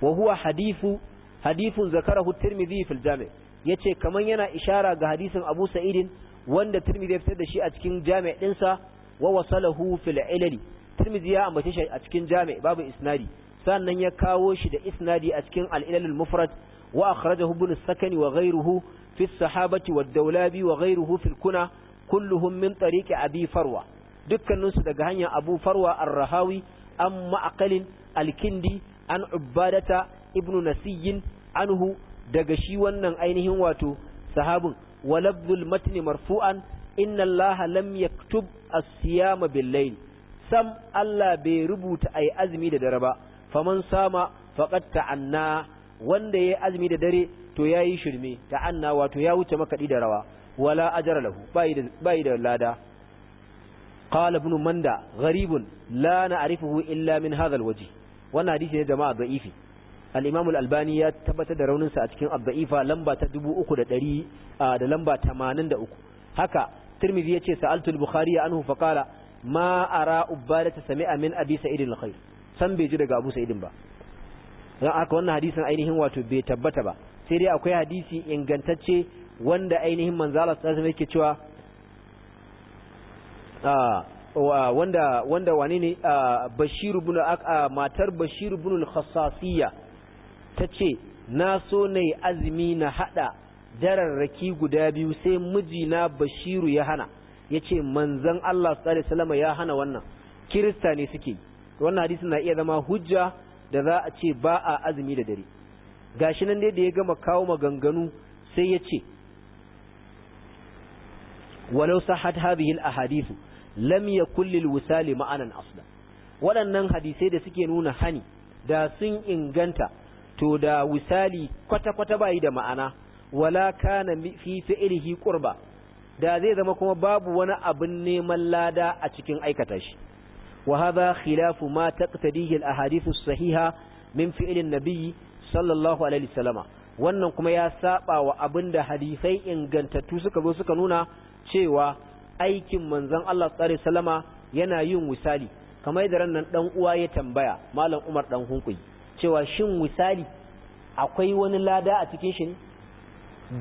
wa huwa hadithu hadithun zakarahu tirmidhi fil jami yace kaman yana ishara ga hadisin abu sa'idin wanda tirmidhi ya fitar da shi a cikin jami' dinsa wa wasalahu fil ilali tirmidhi ya ambace shi a cikin jami' babu isnadi sannan ya kawo shi da isnadi a cikin al-ilal al-mufrad wa akhrajahu ibn sakani wa ghayruhu fi as-sahabati wad-dawlabi wa ghayruhu fil kuna kulluhum min tariqi abi farwa dukkaninsu daga hanyar abu farwa ar-rahawi an ma'aqalin al-kindi an ubadata ibnu nasiyin anhu daga shi wannan ainihin wato sahabin walabdul matni marfu'an inna allaha lam yaktub as-siyama bil-layl sam Allah bai rubuta ai azumi da dare ba faman sama faqad ta'anna wanda yayi azumi da dare to yayi shirme ta'anna wato ya wuce makadi da rawa wala ajra lahu bai da bai da lada qala ibn manda gharibun la na'rifuhu illa min hadha al-wajh wannan hadisi ne jama'a da'ifi al-imam albani ya tabbatar da rauninsa a cikin abda'ifa lamba ta 3,000 da lamba 83 haka tirmidhi ya ce sa'altu al-bukhari anhu fa qala ma ara ubadata sami'a min abi sa'id al san bai ji daga abu sa'idin ba dan haka wannan hadisin ainihin wato bai tabbata ba sai dai akwai hadisi ingantacce wanda ainihin manzala sallallahu alaihi wasallam yake cewa wanda wanda wane ne Bashir ibn matar bashiru ibn al ta ce na so na yi azumi na haɗa dararraki guda biyu sai mijina bashiru ya hana ya ce manzan Allah salama ya hana wannan kirista ne suke wannan hadisi na iya zama hujja da za a ce ba a azumi da dare gashi nan dai da ya gama kawo maganganu sai ya ce walau Sahad Habihin a hadisu lam ya lil wisali ma'anan waɗannan hadisai da suke nuna hani da sun inganta to da wisali kwata-kwata yi da ma'ana wala kana fi fi'lihi qurba da zai zama kuma babu wani abin neman lada a cikin aikata shi wa hadha khilafu ma taqtadihi al ahadith as sahiha min fi'l an nabiy sallallahu alaihi wasallama wannan kuma ya saba wa abinda hadisai ingantattu suka zo suka nuna cewa aikin manzon Allah sallallahu alaihi wasallama yana yin wisali kamar da ran nan dan uwa ya tambaya malam Umar dan hunkuyi cewa shin misali akwai wani lada a cikin shi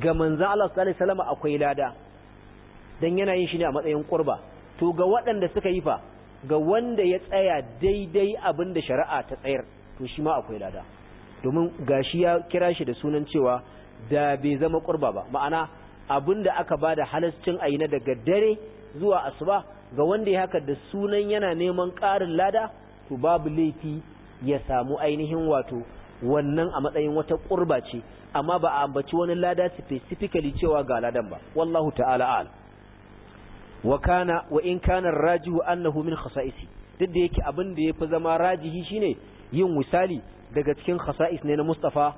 ga manzan Allah sallallahu alaihi wasallam akwai lada dan yana yin shi ne a matsayin qurba to ga waɗanda suka yi fa ga wanda ya tsaya daidai abin shari'a ta tsayar to shi ma akwai lada domin gashi ya kira shi da sunan cewa da bai zama qurba ba ma'ana abin da aka bada halascin aina daga dare zuwa asuba ga wanda ya haka da sunan yana neman ƙarin lada to babu laifi ya samu ainihin wato wannan a matsayin wata ƙurba ce amma ba a ambaci wani lada specifically cewa ga ladan ba wallahu ta'ala al wa kana wa in kana rajihu annahu min khasa'isi duk da yake abin da yafi zama rajihi shine yin misali daga cikin khasa'is ne na Mustafa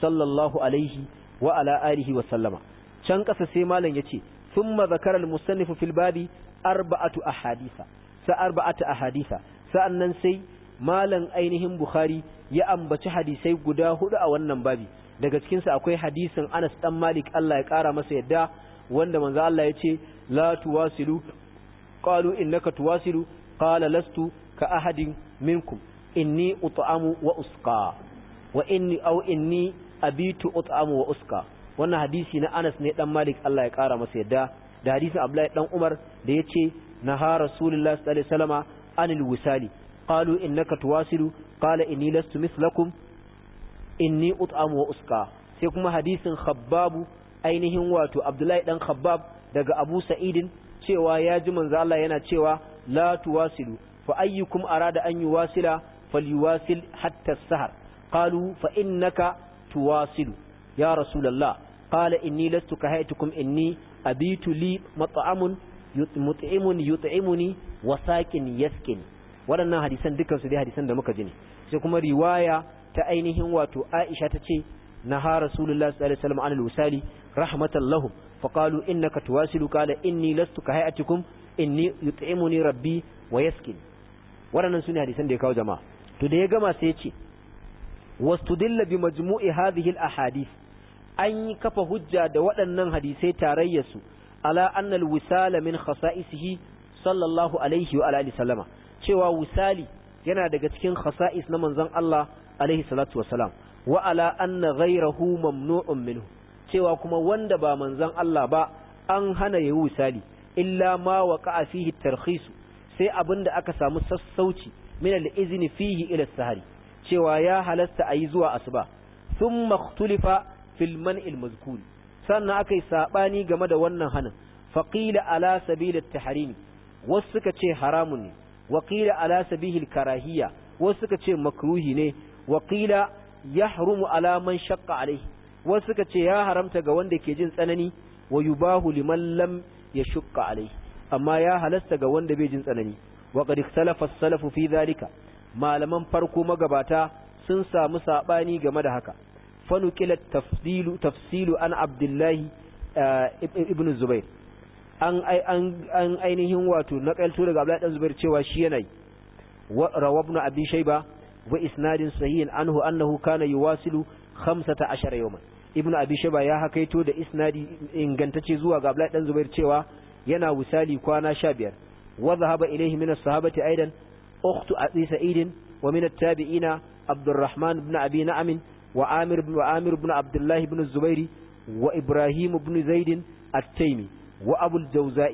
sallallahu alaihi wa ala alihi wa sallama can kasa sai malam yace thumma zakara al-musannif fil babi arba'atu ahaditha sa arba'atu ahaditha sa'annan sai malam ainihin bukhari ya ambaci hadisai guda hudu a wannan babi daga cikinsa akwai hadisin anas dan malik Allah ya kara masa yadda wanda manzo Allah ya ce la tuwasilu qalu innaka tuwasilu qala lastu ka ahadin minkum inni ut'amu wa usqa wa inni aw inni abitu ut'amu wa usqa wannan hadisi na Anas ne dan Malik Allah ya kara masa yadda da hadisin Abdullahi dan Umar da yace naha rasulullahi sallallahu alaihi wasallama anil wisali qalu innaka tuwasilu qala inni lastu mithlakum inni ut'amu wa uska sai kuma hadisin khabbabu ainihin wato abdullahi dan khabbab daga abu sa'idin cewa ya ji manzo Allah yana cewa la tuwasilu fa ayyukum arada an yuwasila falyuwasil hatta sahar qalu fa innaka tuwasilu ya rasulullah qala inni lastu kahaytukum inni abitu li mat'amun yut'imun yut'imuni wa saqin yaskin waɗannan hadisan dukansu su dai hadisan da muka ji ne sai kuma riwaya ta ainihin wato Aisha ta ce naha rasulullahi sallallahu alaihi wasallam anil wasali rahmatan lahum faqalu innaka tuwasilu qala inni lastu ka hayatikum inni yut'imuni rabbi wa yaskin waɗannan sune hadisan da ya kawo jama'a to da ya gama sai ya ce wastudilla bi majmu'i hadhihi al ahadith an yi kafa hujja da waɗannan hadisai tarayyarsu ala annal wisala min khasa'isihi sallallahu alaihi wa alihi sallama cewa wusali yana daga cikin khasa'is na manzon Allah alaihi salatu wasalam wa ala anna ghayrahu mamnu'un minhu cewa kuma wanda ba manzon Allah ba an hana yayi wusali illa ma waqa'a fihi tarkhis sai abinda aka samu sassauci min al-izni fihi ila sahari cewa ya halasta ayi zuwa asuba thumma ikhtulifa fil man'il mazkur sannan akai sabani game da wannan hanin faqila ala sabil at-tahrim wasu suka ce haramun ne وقيل على سبيه الكراهية وسكة مكروه نه وقيل يحرم على من شق عليه وسكة يا حرمت قوان دي كيجن سنني ويباه لمن لم يشق عليه أما يا هلست قوان دي بيجن سنني وقد اختلف السلف في ذلك ما لمن فرقوا مقباتا سنسا مساباني قمدهك فنكل التفصيل تفصيل عن عبد الله ابن الزبير an an ainihin wato na kalto daga Abdullahi dan Zubair cewa shi yana wa rawabnu abi shayba wa isnadin sahihin anhu annahu kana yuwasilu 15 yawman ibnu abi shayba ya hakaito da isnadi ingantacce zuwa ga Abdullahi dan Zubair cewa yana wusali kwana 15 wa dhahaba ilayhi min as-sahabati aidan ukhtu abi Sa'idin, wa min at-tabi'ina Abdurrahman ibn Abi Na'am wa Amir ibn Amir ibn Abdullah ibn Zubairi wa Ibrahim ibn Zaid at-Taymi wa abul na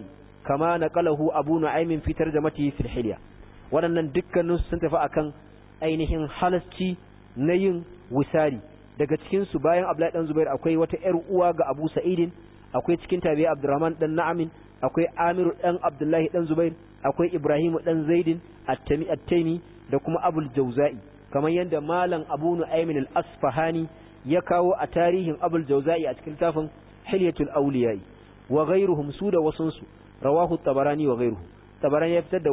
kama naqalahu abu nu'aymin fi tarjamatihi fil hilya waɗannan dukkanin sun tafi akan ainihin halasci na yin wisari daga cikin su bayan Abdullahi dan Zubair akwai wata ƴar uwa ga Abu Sa'idin akwai cikin tabi'i Abdurrahman dan Na'amin akwai Amiru dan Abdullahi dan Zubair akwai Ibrahim dan Zaidin At-Tami at da kuma Abul kamar yadda malam Abu Nu'aymin Al-Asfahani ya kawo a tarihin Abul Jawza'i a cikin tafin Hilyatul Awliya'i wa ghairuhum su da wasun su rawahu tabarani wa ghairuhu tabarani ya fitar da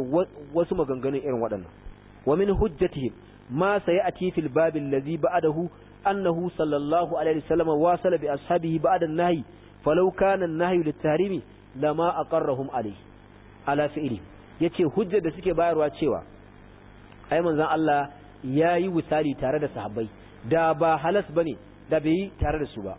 wasu maganganun irin waɗannan wa min hujjatihim ma sayati fil bab allazi ba'dahu annahu sallallahu alaihi wasallam wasala bi ashabihi ba'da an-nahy falau kana an-nahy lit-tahrimi lama aqarrahum alayhi ala fi'li yace hujjar da suke bayarwa cewa ai manzon Allah yayi wisali tare da sahabbai da ba halas bane da bai tare da su ba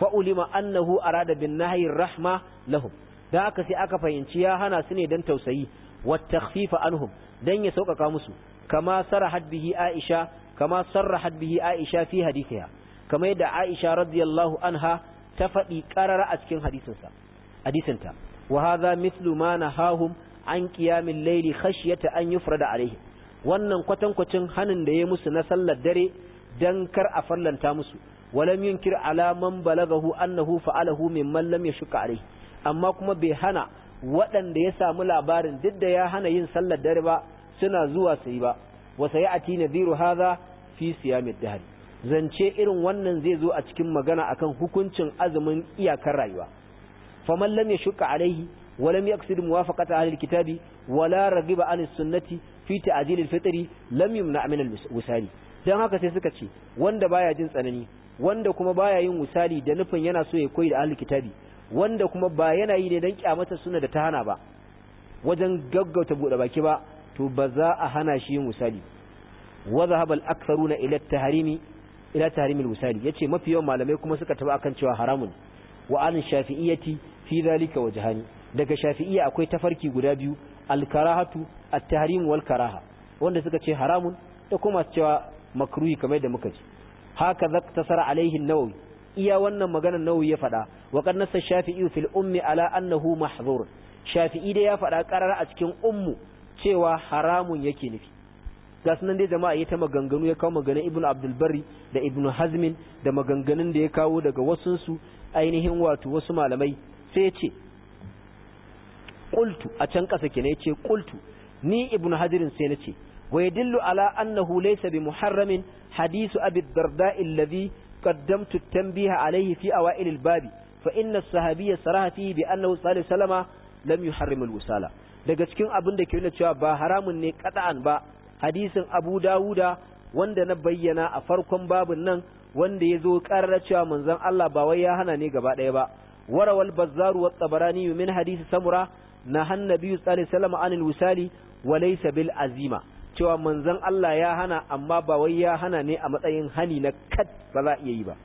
fa'ulima ulima annahu arada bin nahyi rahma lahum da haka sai aka fahimci ya hana su ne dan tausayi watakfifa takhfifa anhum dan ya sauƙaƙa musu kama sarahat hadbihi aisha kama sarrahat bihi aisha fi hadithiha kama yadda aisha radiyallahu anha ta faɗi ƙarara a cikin hadisinsa hadisinta wa hadha mithlu ma nahahum an qiyamil layli khashyata an yufrada alaihi wannan kwatankwacin hanin da ya musu na sallar dare dan kar a fallanta musu walam yunkir ala balagahu annahu fa'alahu mimman lam shuka alayhi amma kuma bai hana waɗanda ya samu labarin duk da ya hana yin sallar dare ba suna zuwa su yi ba wa sayati nadhiru hadha fi da dahr zance irin wannan zai zo a cikin magana akan hukuncin azumin iyakar rayuwa faman lam yashqa alayhi ولم يقصد موافقة أهل الكتاب ولا رغب عن السنة في تعجيل الفطر لم يمنع من الوسالي dan haka sai suka ce wanda baya jin tsanani wanda kuma baya yin misali da nufin yana so ya koyi da ahlul kitabi wanda kuma ba yana yi ne dan kyamata sunna da ta hana ba wajen gaggauta bude baki ba to ba za a hana shi yin misali wa zahabal aktharuna ila at ila tahrimi misali yace mafi yawan malamai kuma suka taba akan cewa haramun wa an shafi'iyyati fi zalika wajhani daga shafi'iyya akwai tafarki guda biyu al-karahatu at-tahrim wal-karaha wanda suka ce haramun da kuma cewa makruhi kamar da muka ji haka tasara alaihi nawawi iya wannan maganar nawawi ya faɗa wa qad shafi'i fil ummi ala annahu mahzur shafi'i dai ya faɗa ƙarar a cikin ummu cewa haramun yake nufi gasnan dai jama'a ya ta maganganu ya kawo maganar ibnu abdul barri da ibnu hazmin da maganganun da ya kawo daga wasunsu ainihin wato wasu malamai sai ya ce qultu a can ƙasa kenan yace ce qultu ni ibnu hadirin sai na ce ويدل على أنه ليس بمحرم حديث أبي الدرداء الذي قدمت التنبيه عليه في أوائل الباب فإن الصحابي صراحة فيه بأنه صلى الله عليه وسلم لم يحرم الوسالة daga cikin abin da ke nuna cewa ba haramun ne kata'an ba hadisin Abu Dawuda wanda na bayyana a farkon babin nan wanda ya zo ƙarar cewa manzon Allah ba wai ya hana ne gaba ɗaya ba warawal bazzaru wa tabarani min hadisi samura na hannabi sallallahu alaihi wasallam azima cewa manzon Allah ya hana amma ba wai ya hana ne a matsayin hani na kat ba za a iya yi ba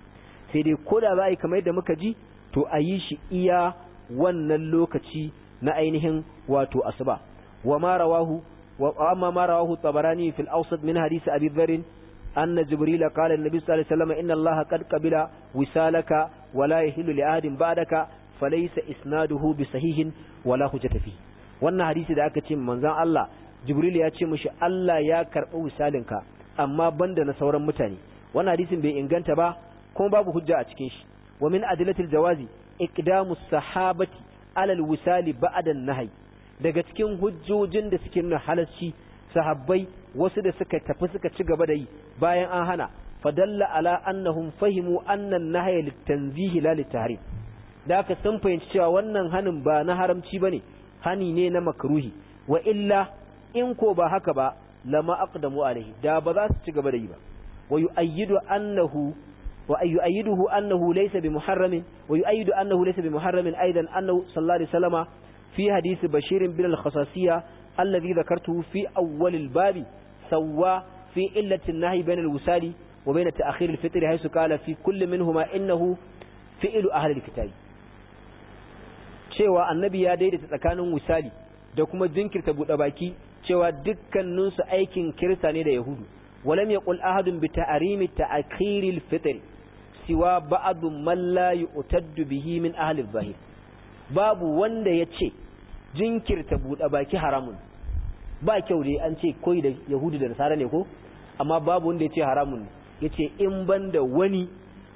sai dai ko da za a yi kamar yadda muka ji to a yi shi iya wannan lokaci na ainihin wato asuba wa ma rawahu wa amma ma tabarani fil awsat min hadisi abi dharr anna jibril qala an-nabi sallallahu alaihi wasallam inna allaha qad qabila wisalaka wa la yahillu li ahadin ba'daka falaysa isnaduhu bi sahihin wa la hujjata wannan hadisi da aka ce manzon Allah jibril ya ce mishi Allah ya karɓi wisalinka amma banda na sauran mutane wannan hadisin bai inganta ba kuma babu hujja a cikin shi wa min adilatil jawazi iqdamu sahabati alal wisali ba'da nahyi daga cikin hujjojin da suke nuna halarci sahabbai wasu da suka tafi suka ci gaba da yi bayan an hana fadalla ala annahum fahimu annan nahya litanzihi la litahrim da aka sun fahimci cewa wannan hanin ba na haramci bane hani ne na makruhi wa illa in ko ba haka ba lama aqdamu alaihi da ba za su ci gaba da yi ba wa yu'ayyidu annahu wa yu'ayyiduhu annahu laysa bi muharramin wa yu'ayyidu annahu laysa bi muharramin aidan annahu sallallahu alaihi wasallama fi hadisi bashir bin al-khasasiyya alladhi dhakartuhu fi awwal al-bab sawwa fi illati an-nahy bain al-wusali wa bain ta'khir al-fitr haythu qala fi kulli minhuma innahu fi'lu ahli al-kitab cewa annabi ya daidaita tsakanin wusali da kuma jinkirta bude baki cewa dukkaninsu aikin kirista ne da yahudu walam yaqul ahadun bi ta'rimi ta'khiril fitr siwa ba'd man la yu'taddu bihi min ahli zahir babu wanda yace jinkirta buɗe baki haramun ba kyau dai an ce koyi da yahudu da nasara ne ko amma babu wanda yace haramun yace in banda wani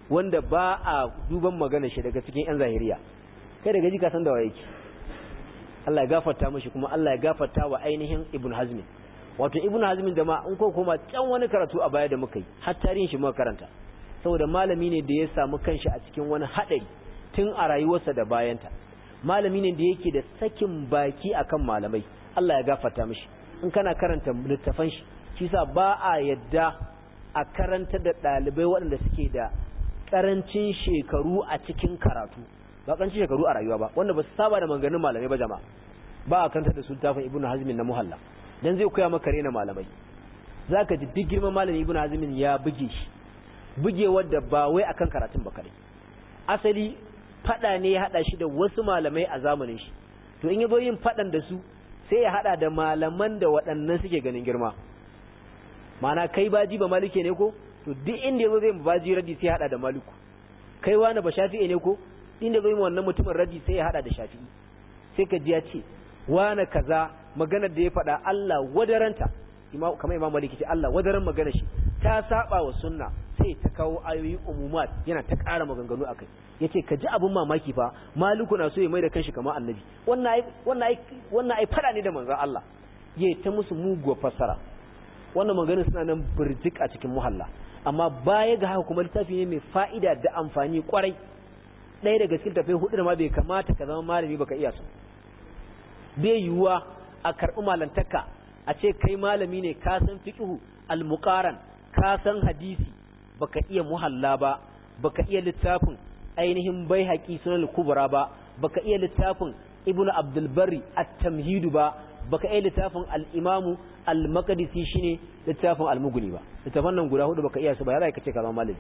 wanda ba a duban magana shi daga cikin yan zahiriya kai daga ji ka san da waye ki Allah ya gafarta mishi kuma Allah ya gafarta wa ainihin Ibn Hazm wato Ibn Hazm da ma in ko koma can wani karatu a baya da muka yi har tarihin shi muka karanta saboda malami ne da ya samu kanshi a cikin wani hadari tun a rayuwarsa da bayanta malami ne da yake da sakin baki akan malamai Allah ya gafarta mishi in kana karanta littafan shi shi sa ba a yadda a karanta da ɗalibai waɗanda suke da karancin shekaru a cikin karatu ba kanci shekaru a rayuwa ba wanda ba su saba da manganin malamai ba jama'a ba a kanta da su tafin ibnu hazmin na muhalla dan zai koya maka rena malamai zaka ji duk girman malamin ibnu hazmin ya buge shi bugewar da ba wai akan karatun ba kare asali fada ne ya hada shi da wasu malamai a zamanin shi to in yazo yin fadan da su sai ya hada da malaman da waɗannan suke ganin girma mana kai baji ba malike ne ko to duk inda yazo zai baji radi sai hada da maliku kai wani ba shafi'i ne ko inda zai wannan mutumin radi sai ya hada da shafi'i sai ka ji ya ce wani kaza maganar da ya faɗa Allah wadaranta kamar imam maliki ce Allah wadaran magana shi ta saba wa sunna sai ta kawo ayoyi umumat yana ta ƙara maganganu akai yace ka ji abin mamaki fa maliku na so ya mai da kanshi kamar annabi wannan ai wannan ai ne da manzon Allah ya ta musu muguwa fasara wannan maganar suna nan burjik a cikin muhalla amma baya ga haka kuma littafi ne mai fa'ida da amfani kwarai ɗaya daga cikin tafai hudu da ma bai kamata ka zama malami baka iya su bai yiwuwa a karɓi malantarka a ce kai malami ne ka san fiqhu al ka san hadisi baka iya muhalla ba baka iya littafin ainihin baihaqi sunan kubra ba baka iya littafin ibnu abdulbari a at ba baka iya littafin al-imamu al-maqdisi shine littafin al-mughni ba littafan nan guda hudu baka iya su ba yara kace ka zama malami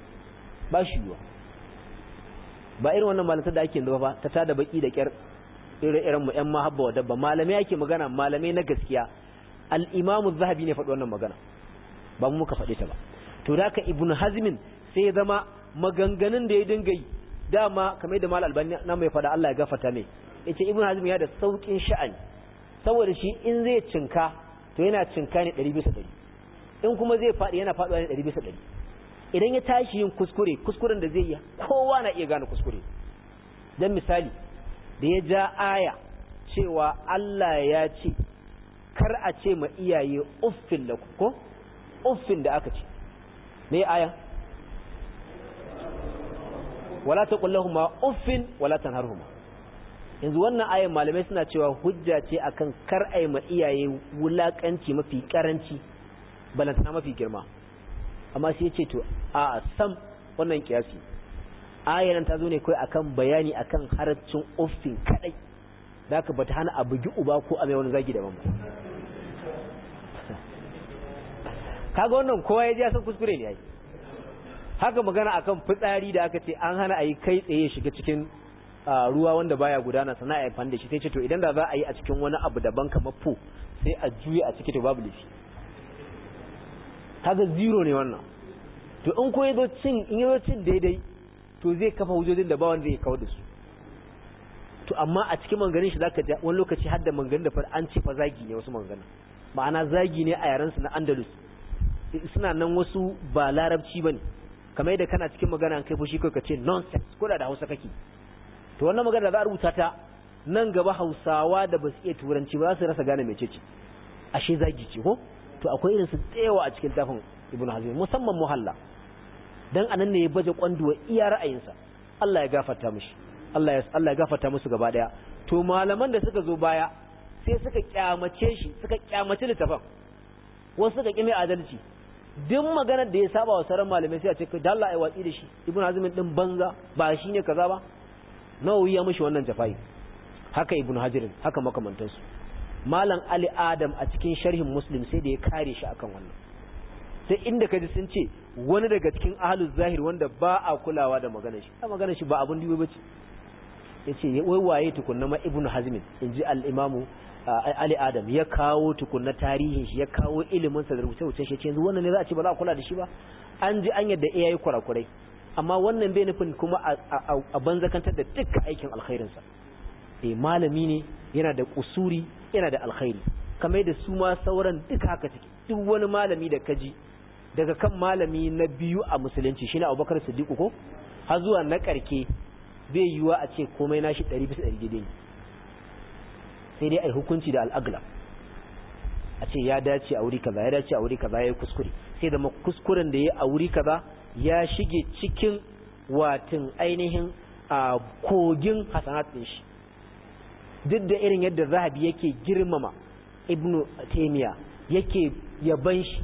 ba shi yiwuwa ba irin wannan malamta da ake yanzu ba ta da baki da kyar irin mu yan mahabba wa dabba malamai ake magana malamai na gaskiya al zahabi ne faɗi wannan magana ba mu muka faɗi ta ba to da ka ibn hazmin sai ya zama maganganun da ya dinga yi dama kamar da mal albani na mai faɗa Allah ya gafarta mai yace ibn hazmin ya da saukin sha'ani saboda shi in zai cinka to yana cinka ne 200 in kuma zai faɗi yana faɗuwa ne idan ya tashi yin kuskure kuskuren da zai yi kowa na iya gane kuskure dan misali da ya ja aya cewa Allah ya ce kar a ce ma iyaye uffin da ko uffin da aka ce me aya wala ta uffin wala tanharhuma yanzu wannan ayan malamai suna cewa hujja ce akan kar ai ma iyaye wulakanci mafi karanci balantana mafi girma amma sai ce to a sam wannan kiyasi ayanan ta zo ne kai akan bayani akan haraccin uffin kadai zaka bata hana a bugi uba ko a mai wani zagi daban ba kaga wannan kowa ya ji san kuskure ne ai haka magana akan fitsari da aka ce an hana ayi kai tsaye shiga cikin ruwa wanda baya gudana sana'a ya fanda shi sai ce to idan da za a yi a cikin wani abu daban kamar po sai a juye a ciki to babu lifi kaga zero ne wannan to in ko yazo cin in yazo cin daidai to zai kafa hujojin da ba wanda ya kawo da su to amma a cikin manganin shi zaka ji wani lokaci har da manganin da far an ce fa zagi ne wasu manganin ma'ana zagi ne a yaren su na Andalus suna nan wasu ba larabci bane kamar yadda kana cikin magana kai fushi kai ka ce nonsense ko da da Hausa kake to wannan magana za a rubuta ta nan gaba Hausawa da basu iya turanci ba za su rasa gane mecece ashe zagi ce ko to akwai irin su tsewa a cikin tafin ibn hazim musamman muhalla dan anan ne ya baje kwanduwa iya ra'ayinsa Allah ya gafarta mishi Allah ya Allah ya gafarta musu gaba daya to malaman da suka zo baya sai suka kyamace shi suka kyamace littafin wasu suka kime adalci duk maganar da ya saba wa sauran malamai sai a ce da Allah ya watsi da shi ibn hazim din banza ba shi ne kaza ba nawa ya mishi wannan jafai haka ibn Hajirin haka makamantansu malam ali adam a cikin sharhin muslim sai da ya kare shi akan wannan sai inda kaji sun ce wani daga cikin ahlul zahir wanda ba a kulawa da maganar shi a maganar shi ba abun dubi bace yace wai waye tukunna ma ibnu hazm inji al-imamu ali adam ya kawo tukunna tarihin shi ya kawo ilimin sa da rubuce rubuce shi yanzu wannan ne za a ce ba za a kula da shi ba an ji an yadda yayi kurakurai amma wannan bai nufin kuma a banzakantar da dukkan aikin alkhairin sa eh malami ne yana da kusuri yana da alkhairi kamar da su ma sauran duka haka suke duk wani malami da kaji daga kan malami na biyu a musulunci shine Abubakar Siddiq ko har zuwa na karke bai yiwa a ce komai nashi 100 bisa ne sai dai ai hukunci da al'agla a ce ya dace a wuri kaza ya dace a wuri kaza ya kuskure sai da kuskuren da ya a wuri kaza ya shige cikin watin ainihin a ah, kogin hasanat din shi duk da irin yadda zahabi yake girmama ibnu taimiya yake yaban shi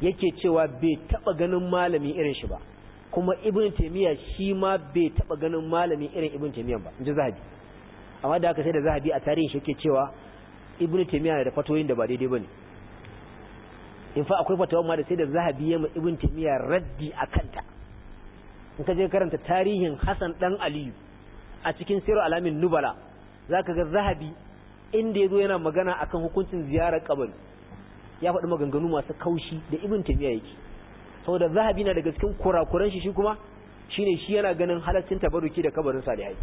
yake cewa bai taba ganin malami irin shi ba kuma ibnu taimiya shi ma bai taba ganin malami irin ibnu taimiya ba inji zahabi amma da aka sai da zahabi a tarihin shi yake cewa ibnu taimiya na da fatoyin da ba daidai bane in fa akwai fatawa ma da sai da zahabi ya ma ibnu taimiya raddi kanta in ka je karanta tarihin hasan dan aliyu a cikin sirar alamin nubala Za ka ga zahabi inda ya zo yana magana akan hukuncin ziyarar kabari ya faɗi maganganu masu kaushi da ibn tabiya yake saboda zahabi na daga cikin kurakuran shi shi kuma shine shi yana ganin halaccin tabaruki da kabarin salihai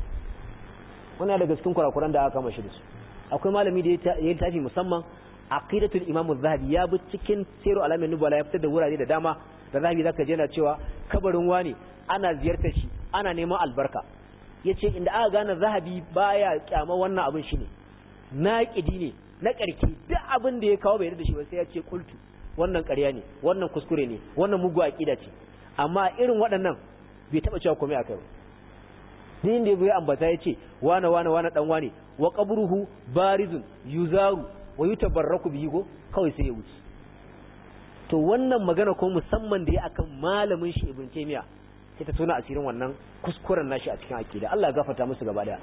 wannan daga cikin kurakuran da aka kama shi da su akwai malami da ya tafi musamman aqidatul imam az-zahabi ya bi cikin siru alamin nubala ya fitar da wurare da dama da zahabi zaka je yana cewa kabarin wani ana ziyartar shi ana neman albarka ya ce inda aka gane zahabi baya kyama wannan abin shine naqidi ne na karki duk abin da ya kawo bai da shi ba sai ya ce kultu wannan ƙarya ne wannan kuskure ne wannan mugu aqida ce amma irin waɗannan bai taba cewa komai a ba din da ya ambata ya ce wana wane wane ɗan wane wa ƙaburuhu barizun yuzaru wa tabarraku bihi ko kawai sai ya wuce to wannan magana ko musamman da ya akan malamin shi ibn taymiya sai ta tona asirin wannan kuskuren nashi a cikin akida Allah ya gafarta musu gaba daya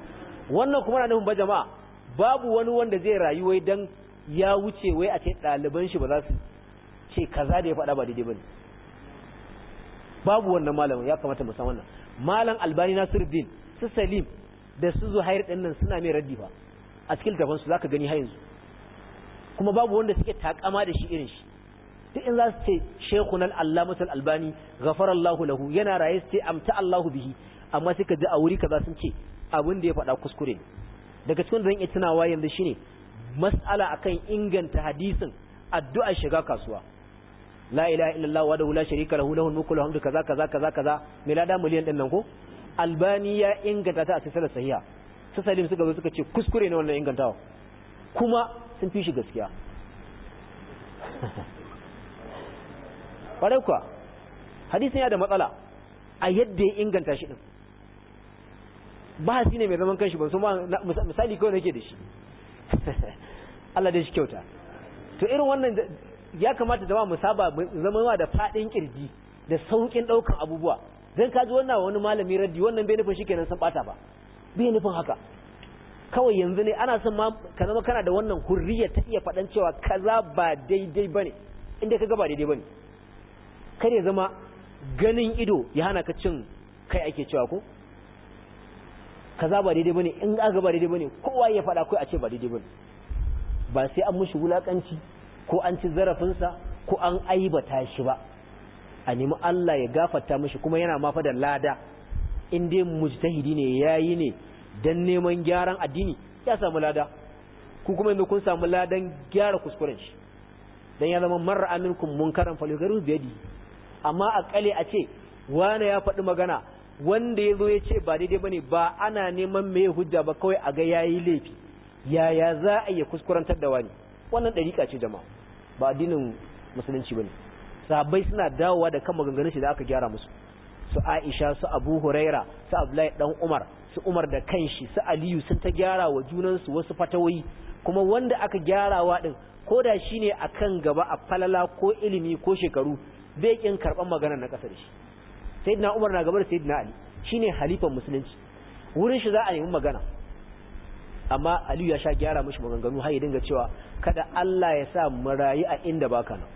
wannan kuma na nufin ba jama'a babu wani wanda zai rayu wai dan ya wuce wai a ce ɗaliban shi ba za su ce kaza da ya faɗa ba daidai bane babu wannan malamin ya kamata mu san wannan malam albani nasiruddin su salim da su zuhair din nan suna mai raddi fa a cikin gaban su zaka gani har yanzu kuma babu wanda suke takama da shi irin shi duk in za su ce shekun al'allamatul albani Allah lahu yana raye su ce amta Allahu bihi amma sai ka ji a wuri kaza sun ce abin da ya faɗa kuskure daga cikin da zan yi tunawa yanzu shine mas'ala akan inganta hadisin addu'a shiga kasuwa la ilaha illallah wa la sharika lahu mulku kaza kaza kaza kaza miliyan din nan ko albani ya inganta ta a silsilar sahiha su salim suka zo suka ce kuskure ne wannan ingantawa kuma sun fi shi gaskiya kwarai kuwa hadisin ya da matsala a yadda ya inganta shi ɗin ba ne mai zaman kanshi ba so misali kawai nake da shi Allah da shi kyauta to irin wannan ya kamata da mu saba zama da fadin kirji da sauƙin ɗaukar abubuwa dan kaji wannan wani malami raddi wannan bai nufin shikenan san ɓata ba bai nufin haka kawai yanzu ne ana son ma ka zama kana da wannan hurriya ta iya faɗan cewa kaza ba daidai ba ne inda ka ba daidai ba ne. kar ya zama ganin ido ya hana ka cin kai ake cewa ko kaza ba daidai bane in aka ba daidai bane kowa ya faɗa kai a ce ba daidai bane ba sai an mushi wulakanci ko an ci zarafinsa ko an aibata shi ba a nemi Allah ya gafarta mushi kuma yana ma fadar lada in dai mujtahidi ne yayi ne dan neman gyaran addini ya samu lada ku kuma yanzu kun samu ladan gyara kuskuren shi dan ya zama mar'a minkum munkaran falyugharu bi yadihi amma a kale a ce wane ya faɗi magana wanda ya zo ya ce ba daidai ba ne ba ana neman mai hujja ba kawai a ga ya yi laifi yaya za a iya kuskurantar da wani wannan ɗariƙa ce jama'a ba addinin musulunci ba ne. sabai suna dawowa da kan maganganun shi da aka gyara musu su Aisha su Abu Huraira su Abdullahi dan Umar su Umar da kanshi su Aliyu sun ta gyara wa junansu wasu fatawoyi kuma wanda aka gyarawa din ko da shine akan gaba a falala ko ilimi ko shekaru bai kin karban magana na kasar shi sayyidina Umar na gaba da sayyidina Ali shine halifan musulunci wurin shi za a nemi magana amma Aliyu ya sha gyara mishi maganganu har ya dinga cewa kada Allah ya sa mu a inda baka nan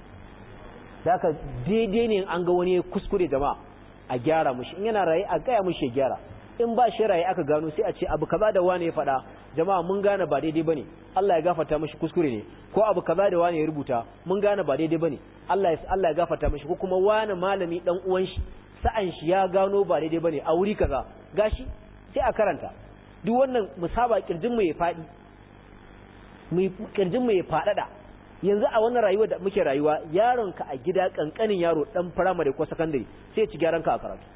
zaka daidai ne an ga wani kuskure jama'a a gyara mishi in yana rayu a gaya mishi ya gyara in ba shi raye aka gano sai a ce abu kaza da wane ya faɗa jama'a mun gane ba daidai bane Allah ya gafarta mishi kuskure ne ko abu kaza da wane ya rubuta mun gane ba daidai bane Allah ya Allah ya gafarta mishi ko kuma wane malami dan uwan shi sa'an shi ya gano ba daidai bane a wuri kaza gashi sai a karanta duk wannan musaba kirjin mu ya fadi mu kirjin mu ya fadada yanzu a wannan rayuwa da muke rayuwa yaron ka a gida kankanin yaro dan firamare ko sakandare sai ya ci gyaran ka a karatu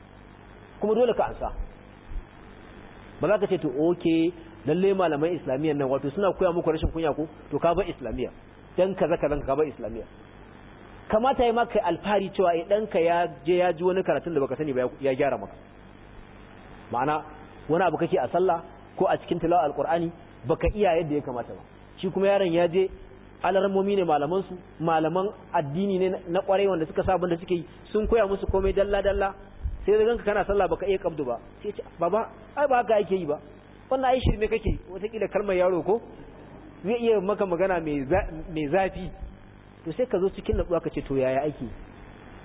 kuma dole ka ansa ba za ka ce to oke lalle malaman islamiyyar nan wato suna koya muku rashin kunya ko to ka bar islamiyya dan kaza kaza ka bar islamiyya kamata ya maka alfari cewa eh ka ya je ya ji wani karatun da baka sani ba ya gyara maka ma'ana wani abu kake a sallah ko a cikin tilawa alqur'ani baka iya yadda ya kamata ba shi kuma yaron ya je alarmomi ne malaman su malaman addini ne na kwarai wanda suka sabon da suke yi sun koya musu komai dalla dalla sai da ganka kana sallah baka iya kabdu ba sai ce baba ai ba haka ake yi ba wannan ai shirme kake kila kalmar yaro ko zai iya maka magana mai zafi to sai ka zo cikin natsuwa ka ce to yaya ake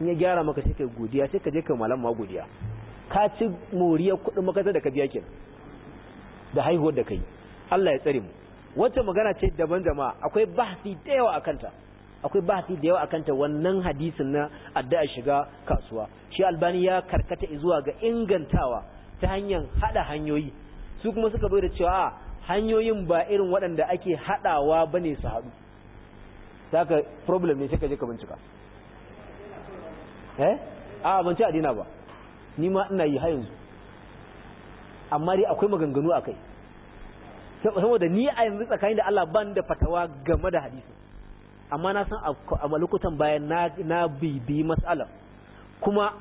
in ya gyara maka sai ka godiya sai ka je ka malam ma godiya ka ci moriya kuɗin makarantar da ka biya kin da haihuwar da kai Allah ya tsare mu wata magana ce daban jama'a akwai bahsi da yawa akan ta akwai bahasi da yawa akan ta wannan hadisin na addu'a shiga kasuwa shi albani ya karkata zuwa ga ingantawa ta hanyar hada hanyoyi su kuma suka bai da cewa hanyoyin ba irin waɗanda ake hadawa bane su haɗu saka problem ne sai ka je ka bincika eh a ban ci adina ba ni ma ina yi har yanzu amma dai akwai maganganu akai saboda ni a yanzu tsakanin da Allah ban da fatawa game da hadisi amma na san a lokutan bayan na bibi matsala kuma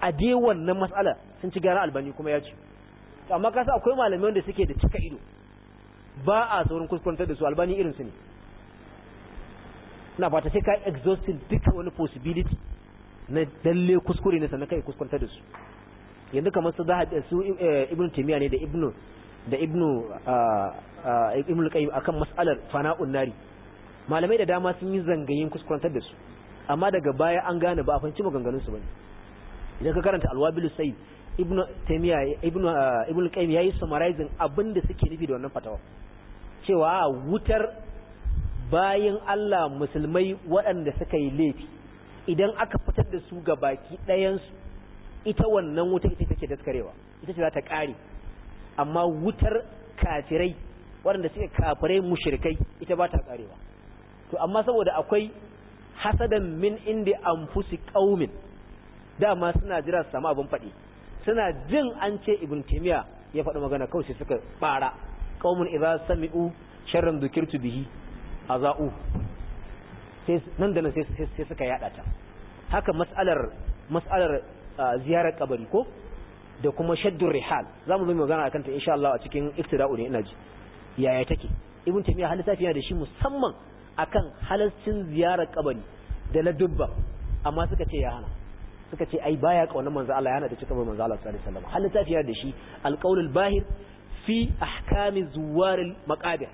a dai wannan matsala sun ci gyara albani kuma ya ce amma kasa akwai malamai wanda suke da cika ido ba a saurin kuskurantar da su albani irinsu ne na fata sai ka exhausting duka wani possibility na dalle kuskure ne sannan kai kuskurantar da su yanzu kamar su za a su eh, ibn timiya ne da ibnu da ibnu ah, ah, ibnu qayyim akan mas'alar fana'un nari malamai da dama sun yi zangayin kuskurantar da su amma daga baya an gane ba a fahimci maganganun su bane idan ka karanta alwabilu sai ibnu taymiya ibnu uh, ibnu qayyim yayi summarizing da suke nufi da wannan fatawa cewa ah, wutar bayin Allah musulmai waɗanda suka yi laifi idan aka fitar da su ga baki ɗayansu ita wannan wuta ita take daskarewa ita ce za ta ƙare amma wutar kafirai waɗanda suke kafirai mushrikai ita ba ta ƙarewa to amma saboda akwai hasadan min indi anfusi ƙaumin dama suna jira su samu abin faɗi suna jin an ce ibn taymiya ya faɗi magana kawai sai suka fara qaumun idza sami'u sharran dhukirtu bihi azau sai nan da nan sai suka yada ta haka mas'alar mas'alar ah, ziyarar kabari ko da kuma shaddur rihal za mu zo magana akan ta insha Allah a cikin iftira'u ne ina ji yaya take ibn taymiya halitta fiya da shi musamman akan halascin ziyarar kabari da na dubba amma suka ce ya hana suka ce ai baya kaunar manzo Allah ya hana da cika manzo Allah sallallahu alaihi wasallam hal tafiya da shi alqaulul bahir fi ahkami zuwaril maqabir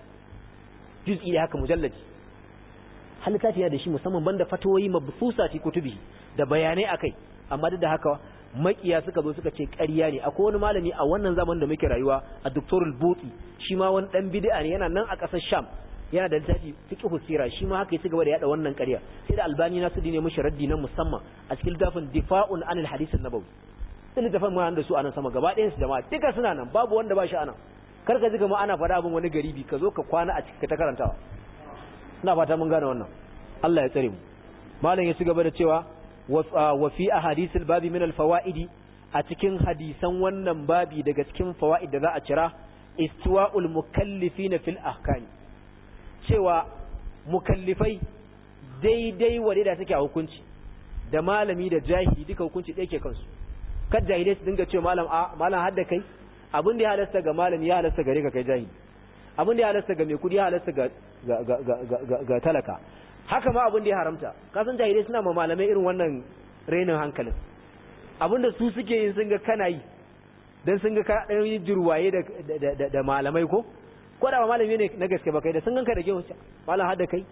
juz'i da haka mujallaji hal tafiya da shi musamman banda fatawoyi mabfusa ci kutubi da bayanai akai amma duk da haka makiya suka zo suka ce ƙarya ne akwai wani malami a wannan zaman da muke rayuwa a doktorul buti shi ma wani dan bid'a ne yana nan a ƙasar sham yana da littafi fiqhu sira shi ma haka ya cigaba da yada wannan ƙarya sai da albani na su dine mushi raddi na musamman a cikin littafin difa'un anil hadith an-nabawi din littafin ma da su anan sama gaba ɗayan su jama'a duka suna nan babu wanda ba shi anan kar ka ji ma ana faɗa abin wani garibi ka zo ka kwana a cikin ta karantawa ina fata mun gane wannan Allah ya tsare mu malam ya cigaba da cewa wa fi ahadith al-babi min al-fawaidi a cikin hadisan wannan babi daga cikin fawaid da za a cira istiwa'ul mukallifina fil ahkami cewa mukallifai daidai wadai suke a hukunci da malami da jahili duka hukunci ɗaya ke kansu kad jahilai su dinga cewa malam a ah, malam hadda kai abin da ya halasta ga malami ya halasta gare ka kai jahili abin da ya halasta ga mai kudi ya halasta ga ga talaka haka ma abin da ya haramta kasan jahilai suna ma malamai irin wannan renin hankalin abin da su suke yin sun ga kana yi dan sun ga ka dan yi jirwaye da da malamai ko ko da ba malami ne na gaske ba kai da sun ganka da gehu malam har kai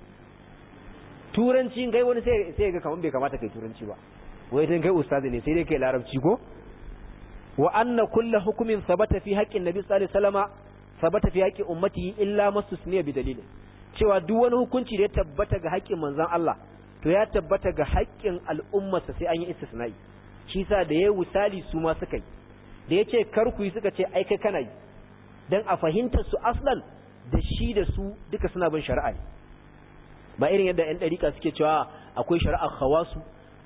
turanci kai wani sai sai ga kaman bai kamata kai turanci ba wai dan kai ustazi ne sai dai kai larabci ko wa anna kullu hukmin sabata fi haqqin nabi sallallahu alaihi wasallama sabata fi haqqi ummati illa mastusniya bi dalilin cewa duk wani hukunci da ya tabbata ga haƙƙin manzon Allah to ya tabbata ga haƙƙin al'ummarsa sai an yi istisna'i shi sa da yayi misali su ma suka yi da yace kar ku yi suka ce ai kai kana yi dan a fahimtar su aslan da shi da su duka suna bin shari'a ne ba irin yadda yan ɗarika suke cewa akwai shari'ar hawasu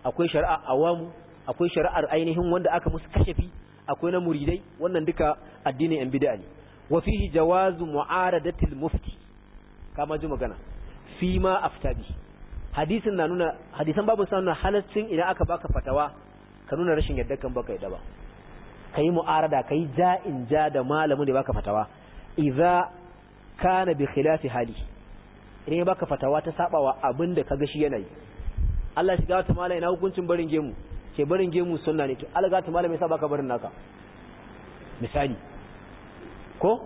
akwai shari'ar awamu akwai shari'ar ainihin wanda aka musu kashafi akwai na muridai wannan duka addinin yan bid'a ne wa fihi jawazu mu'aradatil mufti kama ji magana fi ma aftabi hadisin na nuna hadisan babu sa nuna halaccin idan aka baka fatawa ka nuna rashin yadda kan baka yadda kai mu'arada kai ja'in ja da malamin da baka fatawa idza kana bi khilafi hali idan ya baka fatawa ta sabawa abinda kaga shi yana yi Allah shiga wata malai ina hukuncin barin gemu ke barin gemu sunna ne to Allah ga ta ya sa baka barin naka misali ko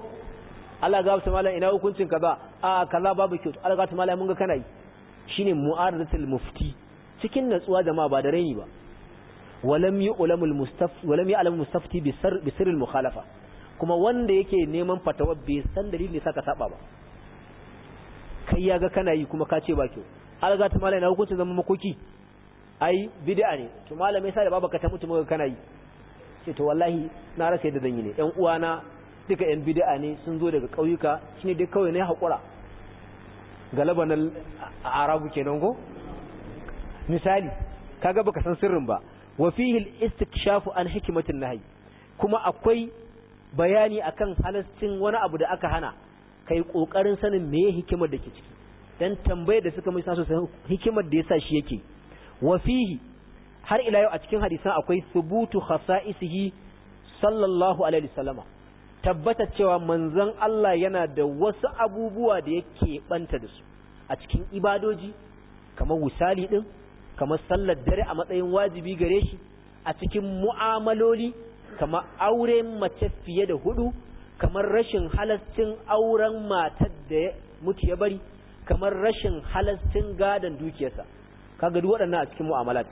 Allah ga wata malam ina hukuncin kaza a kaza babu kyau Allah ga ta malai mun ga kana yi shine mu'aradatul mufti cikin natsuwa jama'a ba da raini ba walam yu'lamul mustafti walam ya'lamul mustafti bi kuma wanda yake neman fatawa bai san dalilin saka saba ba kai ya ga kana yi kuma ka ce ba kyau alga ta malai na hukunci zama makoki ai bid'a ne to malamai sai da baba ka ta mutu maka kana yi ce to wallahi na rasa yadda zan yi ne 'yan uwana duka yan bid'a ne sun zo daga ƙauyuka shine dai kawai ne hakura galaba na arabu kenan ko misali kaga baka san sirrin ba wa fihi al-istikshafu an hikmatin nahyi kuma akwai bayani akan halastin wani abu da aka hana kai kokarin sanin meye hikimar da ke ciki dan tambayar da suka musa sosai hikimar da yasa shi yake wa fihi har ila yau a cikin hadisan akwai subutu khasa'isihi sallallahu alaihi wasallama tabbata cewa manzon Allah yana da wasu abubuwa da yake banta da su a cikin ibadoji kamar wusali din kamar sallar dare a matsayin wajibi gare shi a cikin mu'amaloli kamar auren mace fiye da hudu kamar rashin halastin auren matar da ya bari kamar rashin halastin gadon dukiyarsa kaga duk waɗannan a cikin mu'amalat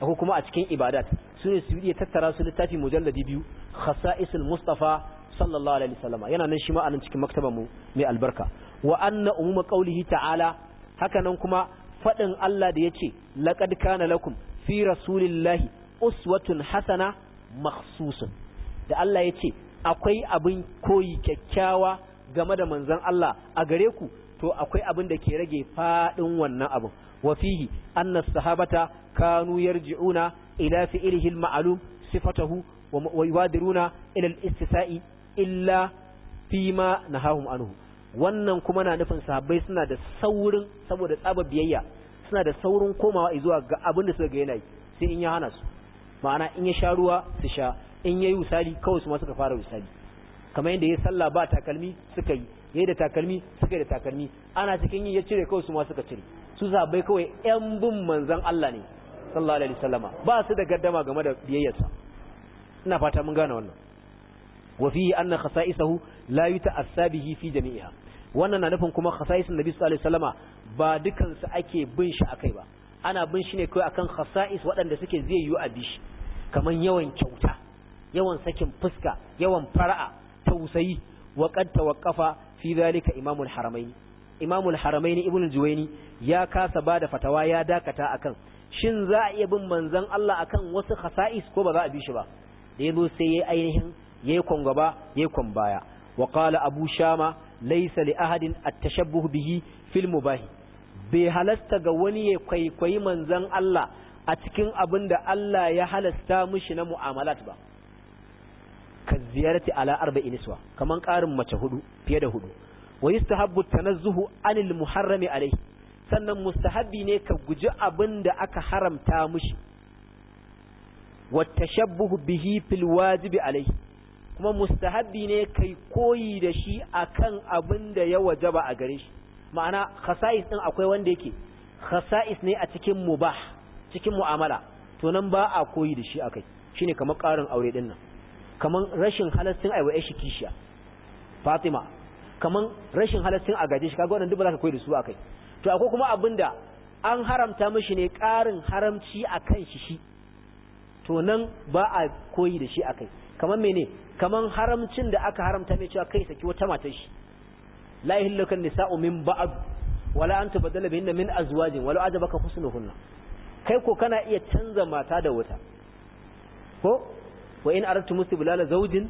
ne ko kuma a cikin ibadat su ne su iya tattara su littafi mujalladi biyu khasa'isul mustafa sallallahu alaihi wasallam yana nan shi ma a nan cikin maktaba mu mai albarka wa anna umuma qawlihi ta'ala haka nan kuma faɗin Allah da yake ce laƙad kana lakum fi rasulillahi uswatun hasana makhsusun da Allah ya ce akwai abin koyi kyakkyawa game da manzon Allah a gare ku to akwai abin da ke rage faɗin wannan abin wa fihi anna sahabata kanu yarji'una ila fi'lihi al-ma'lum sifatahu wa yuwadiruna ila al-istisa'i illa fima nahahum anhu wannan kuma na nufin sahabbai suna da saurin saboda tsaba biyayya suna da saurin komawa zuwa ga abin da suka ga yana yi sai in ya hana su ma'ana in ya sha ruwa su sha in ya yi wusali kawai su ma suka fara wusali kamar yadda ya sallah ba takalmi suka yi ya yi da takalmi suka yi da takalmi ana cikin yi ya cire kawai su ma suka cire su sahabbai kawai yan bin manzon Allah ne sallallahu alaihi wasallama ba su da gaddama game da biyayyarsa ina fata mun gane wannan wa fihi anna khasa'isahu la fi jami'iha wannan na nufin kuma khasa'isin nabi sallallahu alaihi wasallama ba dukan su ake bin shi akai ba ana bin shi ne kawai akan khasa'is waɗanda suke zai yiwu a bishi kaman yawan kyauta yawan sakin fuska yawan fara'a tausayi wa qad tawaqqafa fi zalika imamul haramain imamul haramain ibnu juwayni ya kasa bada fatawa ya dakata akan shin za a iya bin manzon Allah akan wasu khasa'is ko ba za a bi shi ba da yazo sai yayi ainihin yayi kwangaba yayi kwambaya wa qala abu shama laysa li ahadin at-tashabbuh bihi fil mubahi bai halasta ga wani ya kwaikwayi manzon Allah a cikin abin da Allah ya halasta mishi na mu'amalat ba ka ziyarati ala arba'in niswa kaman ƙarin mace hudu fiye da hudu wa yastahabbu tanazzuhu anil muharrami alayhi sannan mustahabi ne ka guji abin da aka haramta mishi wa tashabbuhu bihi fil wajibi alayhi kuma mustahabbi ne kai koyi da shi akan abin da ya wajaba a gare shi ma'ana khasa'is din akwai wanda yake khasa'is ne a cikin mubah cikin mu'amala to nan ba a koyi da shi akai shine kamar ƙarin aure din nan kamar rashin halastin aiwa shi kishiya Fatima kamar rashin halastin a gaje shi kaga wannan duk ba za ka koyi da su akai to akwai kuma abinda an haramta mishi ne ƙarin haramci akan shi shi to nan ba a koyi da shi akai kamar mene kamar haramcin da aka haramta mai cewa kai saki wata mata shi la ilaha nisa'u min ba'd wala an badala bihinna min azwajin wala ajabaka husnuhunna kai ko kana iya canza mata da wata ko wa in aradtu mustabilala zawjin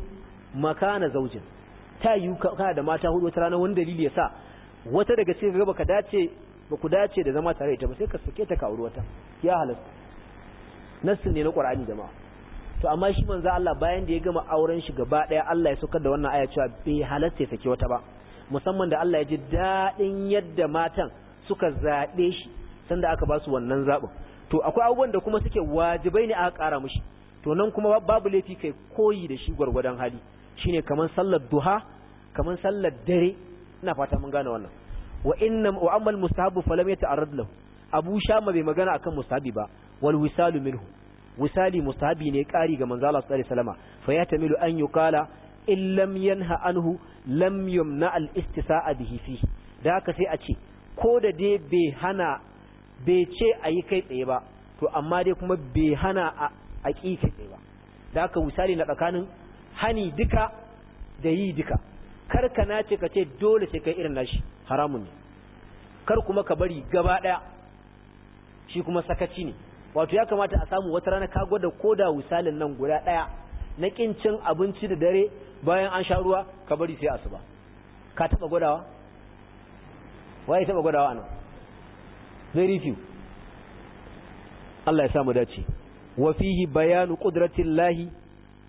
makana zawjin ta yu kana da mata hudu wata rana wani dalili yasa wata daga cikin gaba ka dace ba ku dace da zama tare da ita ba sai ka sake ta ka aure wata ya halasta nasu ne na qur'ani jama'a to amma shi manzo Allah bayan da ya gama auren shi gaba daya Allah ya saukar da wannan aya cewa bai halatta ya saki wata ba musamman da Allah ya ji dadin yadda matan suka zabe shi sanda aka ba su wannan zabin to akwai abubuwan da kuma suke wajibai ne aka kara mushi to nan kuma babu laifi kai koyi da shi gwargwadon hali shine kaman sallar duha kaman sallar dare ina fata mun gane wannan wa inna wa amal mustahabu falam yata'arrad lahu abu shama bai magana akan mustahabi ba wal wisalu minhu wisali mustahabi ne kari ga manzo Allah sallallahu alaihi wasallama fa ya tamilu an yuqala in lam yanha anhu lam yumna al istisa'a bihi fi da haka sai a ce ko da dai bai hana bai ce ayi kai tsaye ba to amma dai kuma bai hana a ƙi kai tsaye ba da haka misali na tsakanin hani duka da yi duka kar ka nace ka ce dole sai kai irin nashi haramun ne kar kuma ka bari gaba ɗaya shi kuma sakaci ne wato ya kamata a samu wata rana ka gwada koda wisalin nan guda daya na kincin abinci da dare bayan an sha ruwa ka bari sai asuba ka taba gwadawa ya taba gwadawa anan very few Allah ya samu dace wa fihi bayanu qudratillahi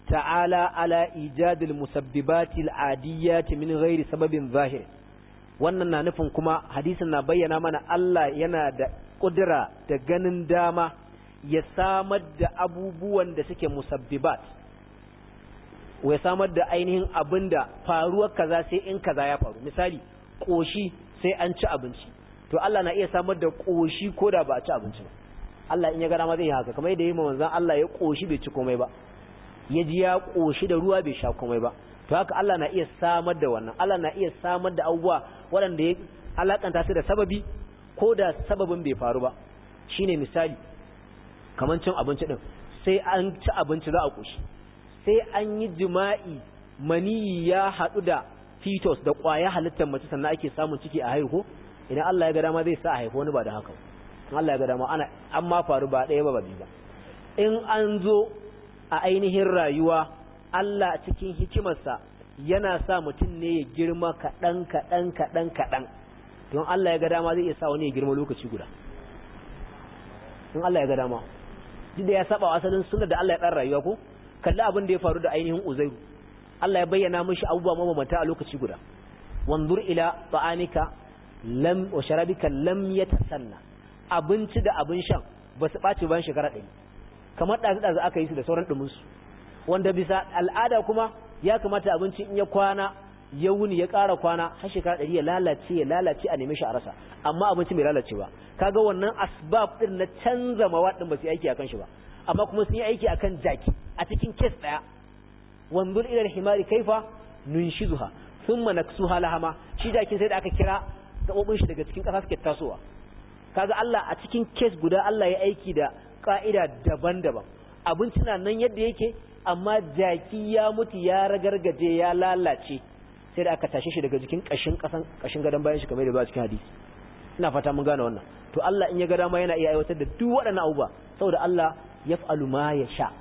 ta'ala ala ijadil musabbibatil adiyati min ghairi sababin zahir wannan na nufin kuma hadisin na bayyana mana Allah yana da kudura da ganin dama ya samar da abubuwan da suke musabbibat wa ya samar da ainihin abin da faruwar kaza sai in kaza ya faru misali ƙoshi sai an ci abinci to Allah na iya samar da ƙoshi ko da ba a ci abinci ba Allah in ya gara ma zai haka kamar yadda yi manzon Allah ya ƙoshi bai ci komai ba ya ji ya ƙoshi da ruwa bai sha komai ba to haka Allah na iya samar da wannan Allah na iya samar da abubuwa waɗanda ya alakanta su da sababi ko da sababin bai faru ba shine misali kamar cin abinci din sai an ci abinci za a kushi sai an yi jima'i maniyi ya haɗu da fetus da ƙwaya halittar mace sannan ake samun ciki a haihu idan Allah ya ga dama zai sa a haihu wani ba da haka Allah ya ga dama ana an ma faru ba ɗaya ba ba biyu in an zo a ainihin rayuwa Allah cikin hikimarsa yana sa mutum ne ya girma kaɗan kaɗan kaɗan kaɗan don Allah ya ga dama zai iya sa wani ya girma lokaci guda in Allah ya ga dama duk da ya saba wa asalin sunnar da Allah ya dan rayuwa ko kalli abin da ya faru da ainihin uzairu Allah ya bayyana mishi abubuwa mabambanta a lokaci guda wanzur ila ta'anika lam wa sharabika lam yatasanna abinci da abin shan ba su ɓaci ban shekara ɗaya kamar ɗazu ɗazu aka yi su da sauran dumin su wanda bisa al'ada kuma ya kamata abinci in ya kwana ya wuni ya ƙara kwana har shekara ɗari ya lalace ya lalace a neme shi a rasa amma abinci bai lalace ba kaga wannan asbab ɗin na canza mawaɗin ba su yi aiki akan shi ba amma kuma sun yi aiki akan jaki a cikin kes ɗaya wanzur ilal himari kaifa nunshizuha thumma naksuha lahama shi jakin sai da aka kira gaɓoɓin shi daga cikin ƙasa suke tasowa kaga Allah a cikin kes guda Allah ya aiki da ƙa'ida daban-daban abinci na nan yadda yake amma jaki ya mutu ya ragargaje ya lalace sai da aka tashe shi daga jikin kashin kasan kashin gadan bayan shi kamar da ba cikin hadisi ina fata mun gane wannan to Allah in ya ga dama yana iya aiwatar da duk waɗannan abuba saboda Allah yaf'alu ma sha.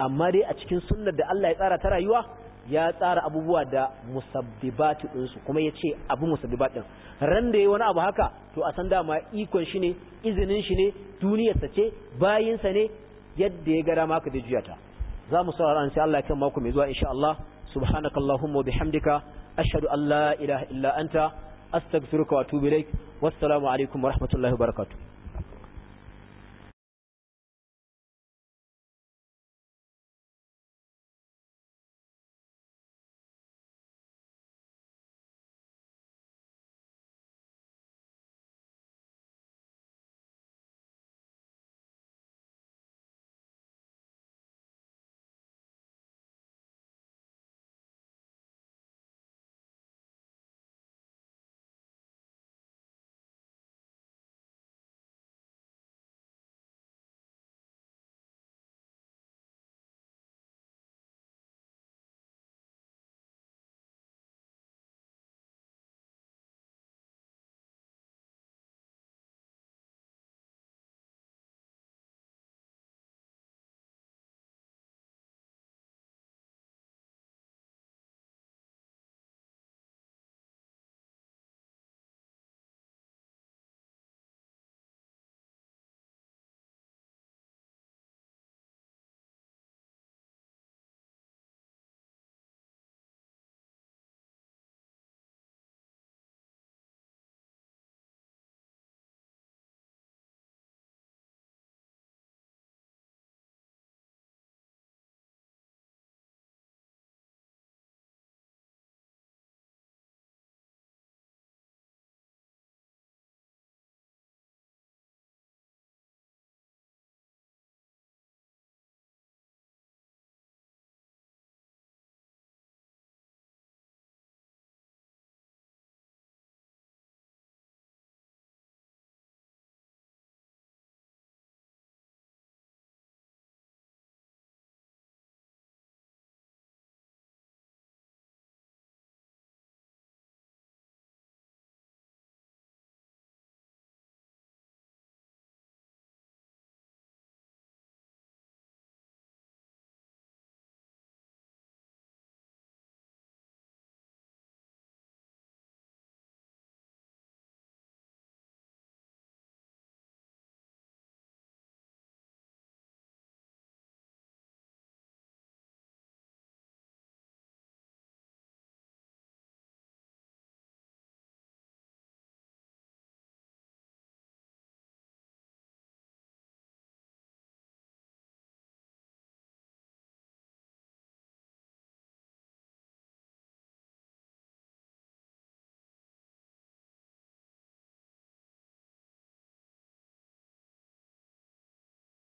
amma dai a cikin sunnar da Allah ya tsara ta rayuwa ya tsara abubuwa da musabbibatu su. kuma ya ce abu musabbibat din ran da ya wani abu haka to a san dama ikon shi ne izinin shi ne duniyarsa ce bayinsa ne yadda ya ga dama ka da juyata za mu saurara an sai Allah ya kan mako mai zuwa insha Allah subhanakallahumma wa bihamdika ashadu allah la ilaha illa anta astaghfiruka wa atubu ilaik wassalamu alaikum wa rahmatullahi wa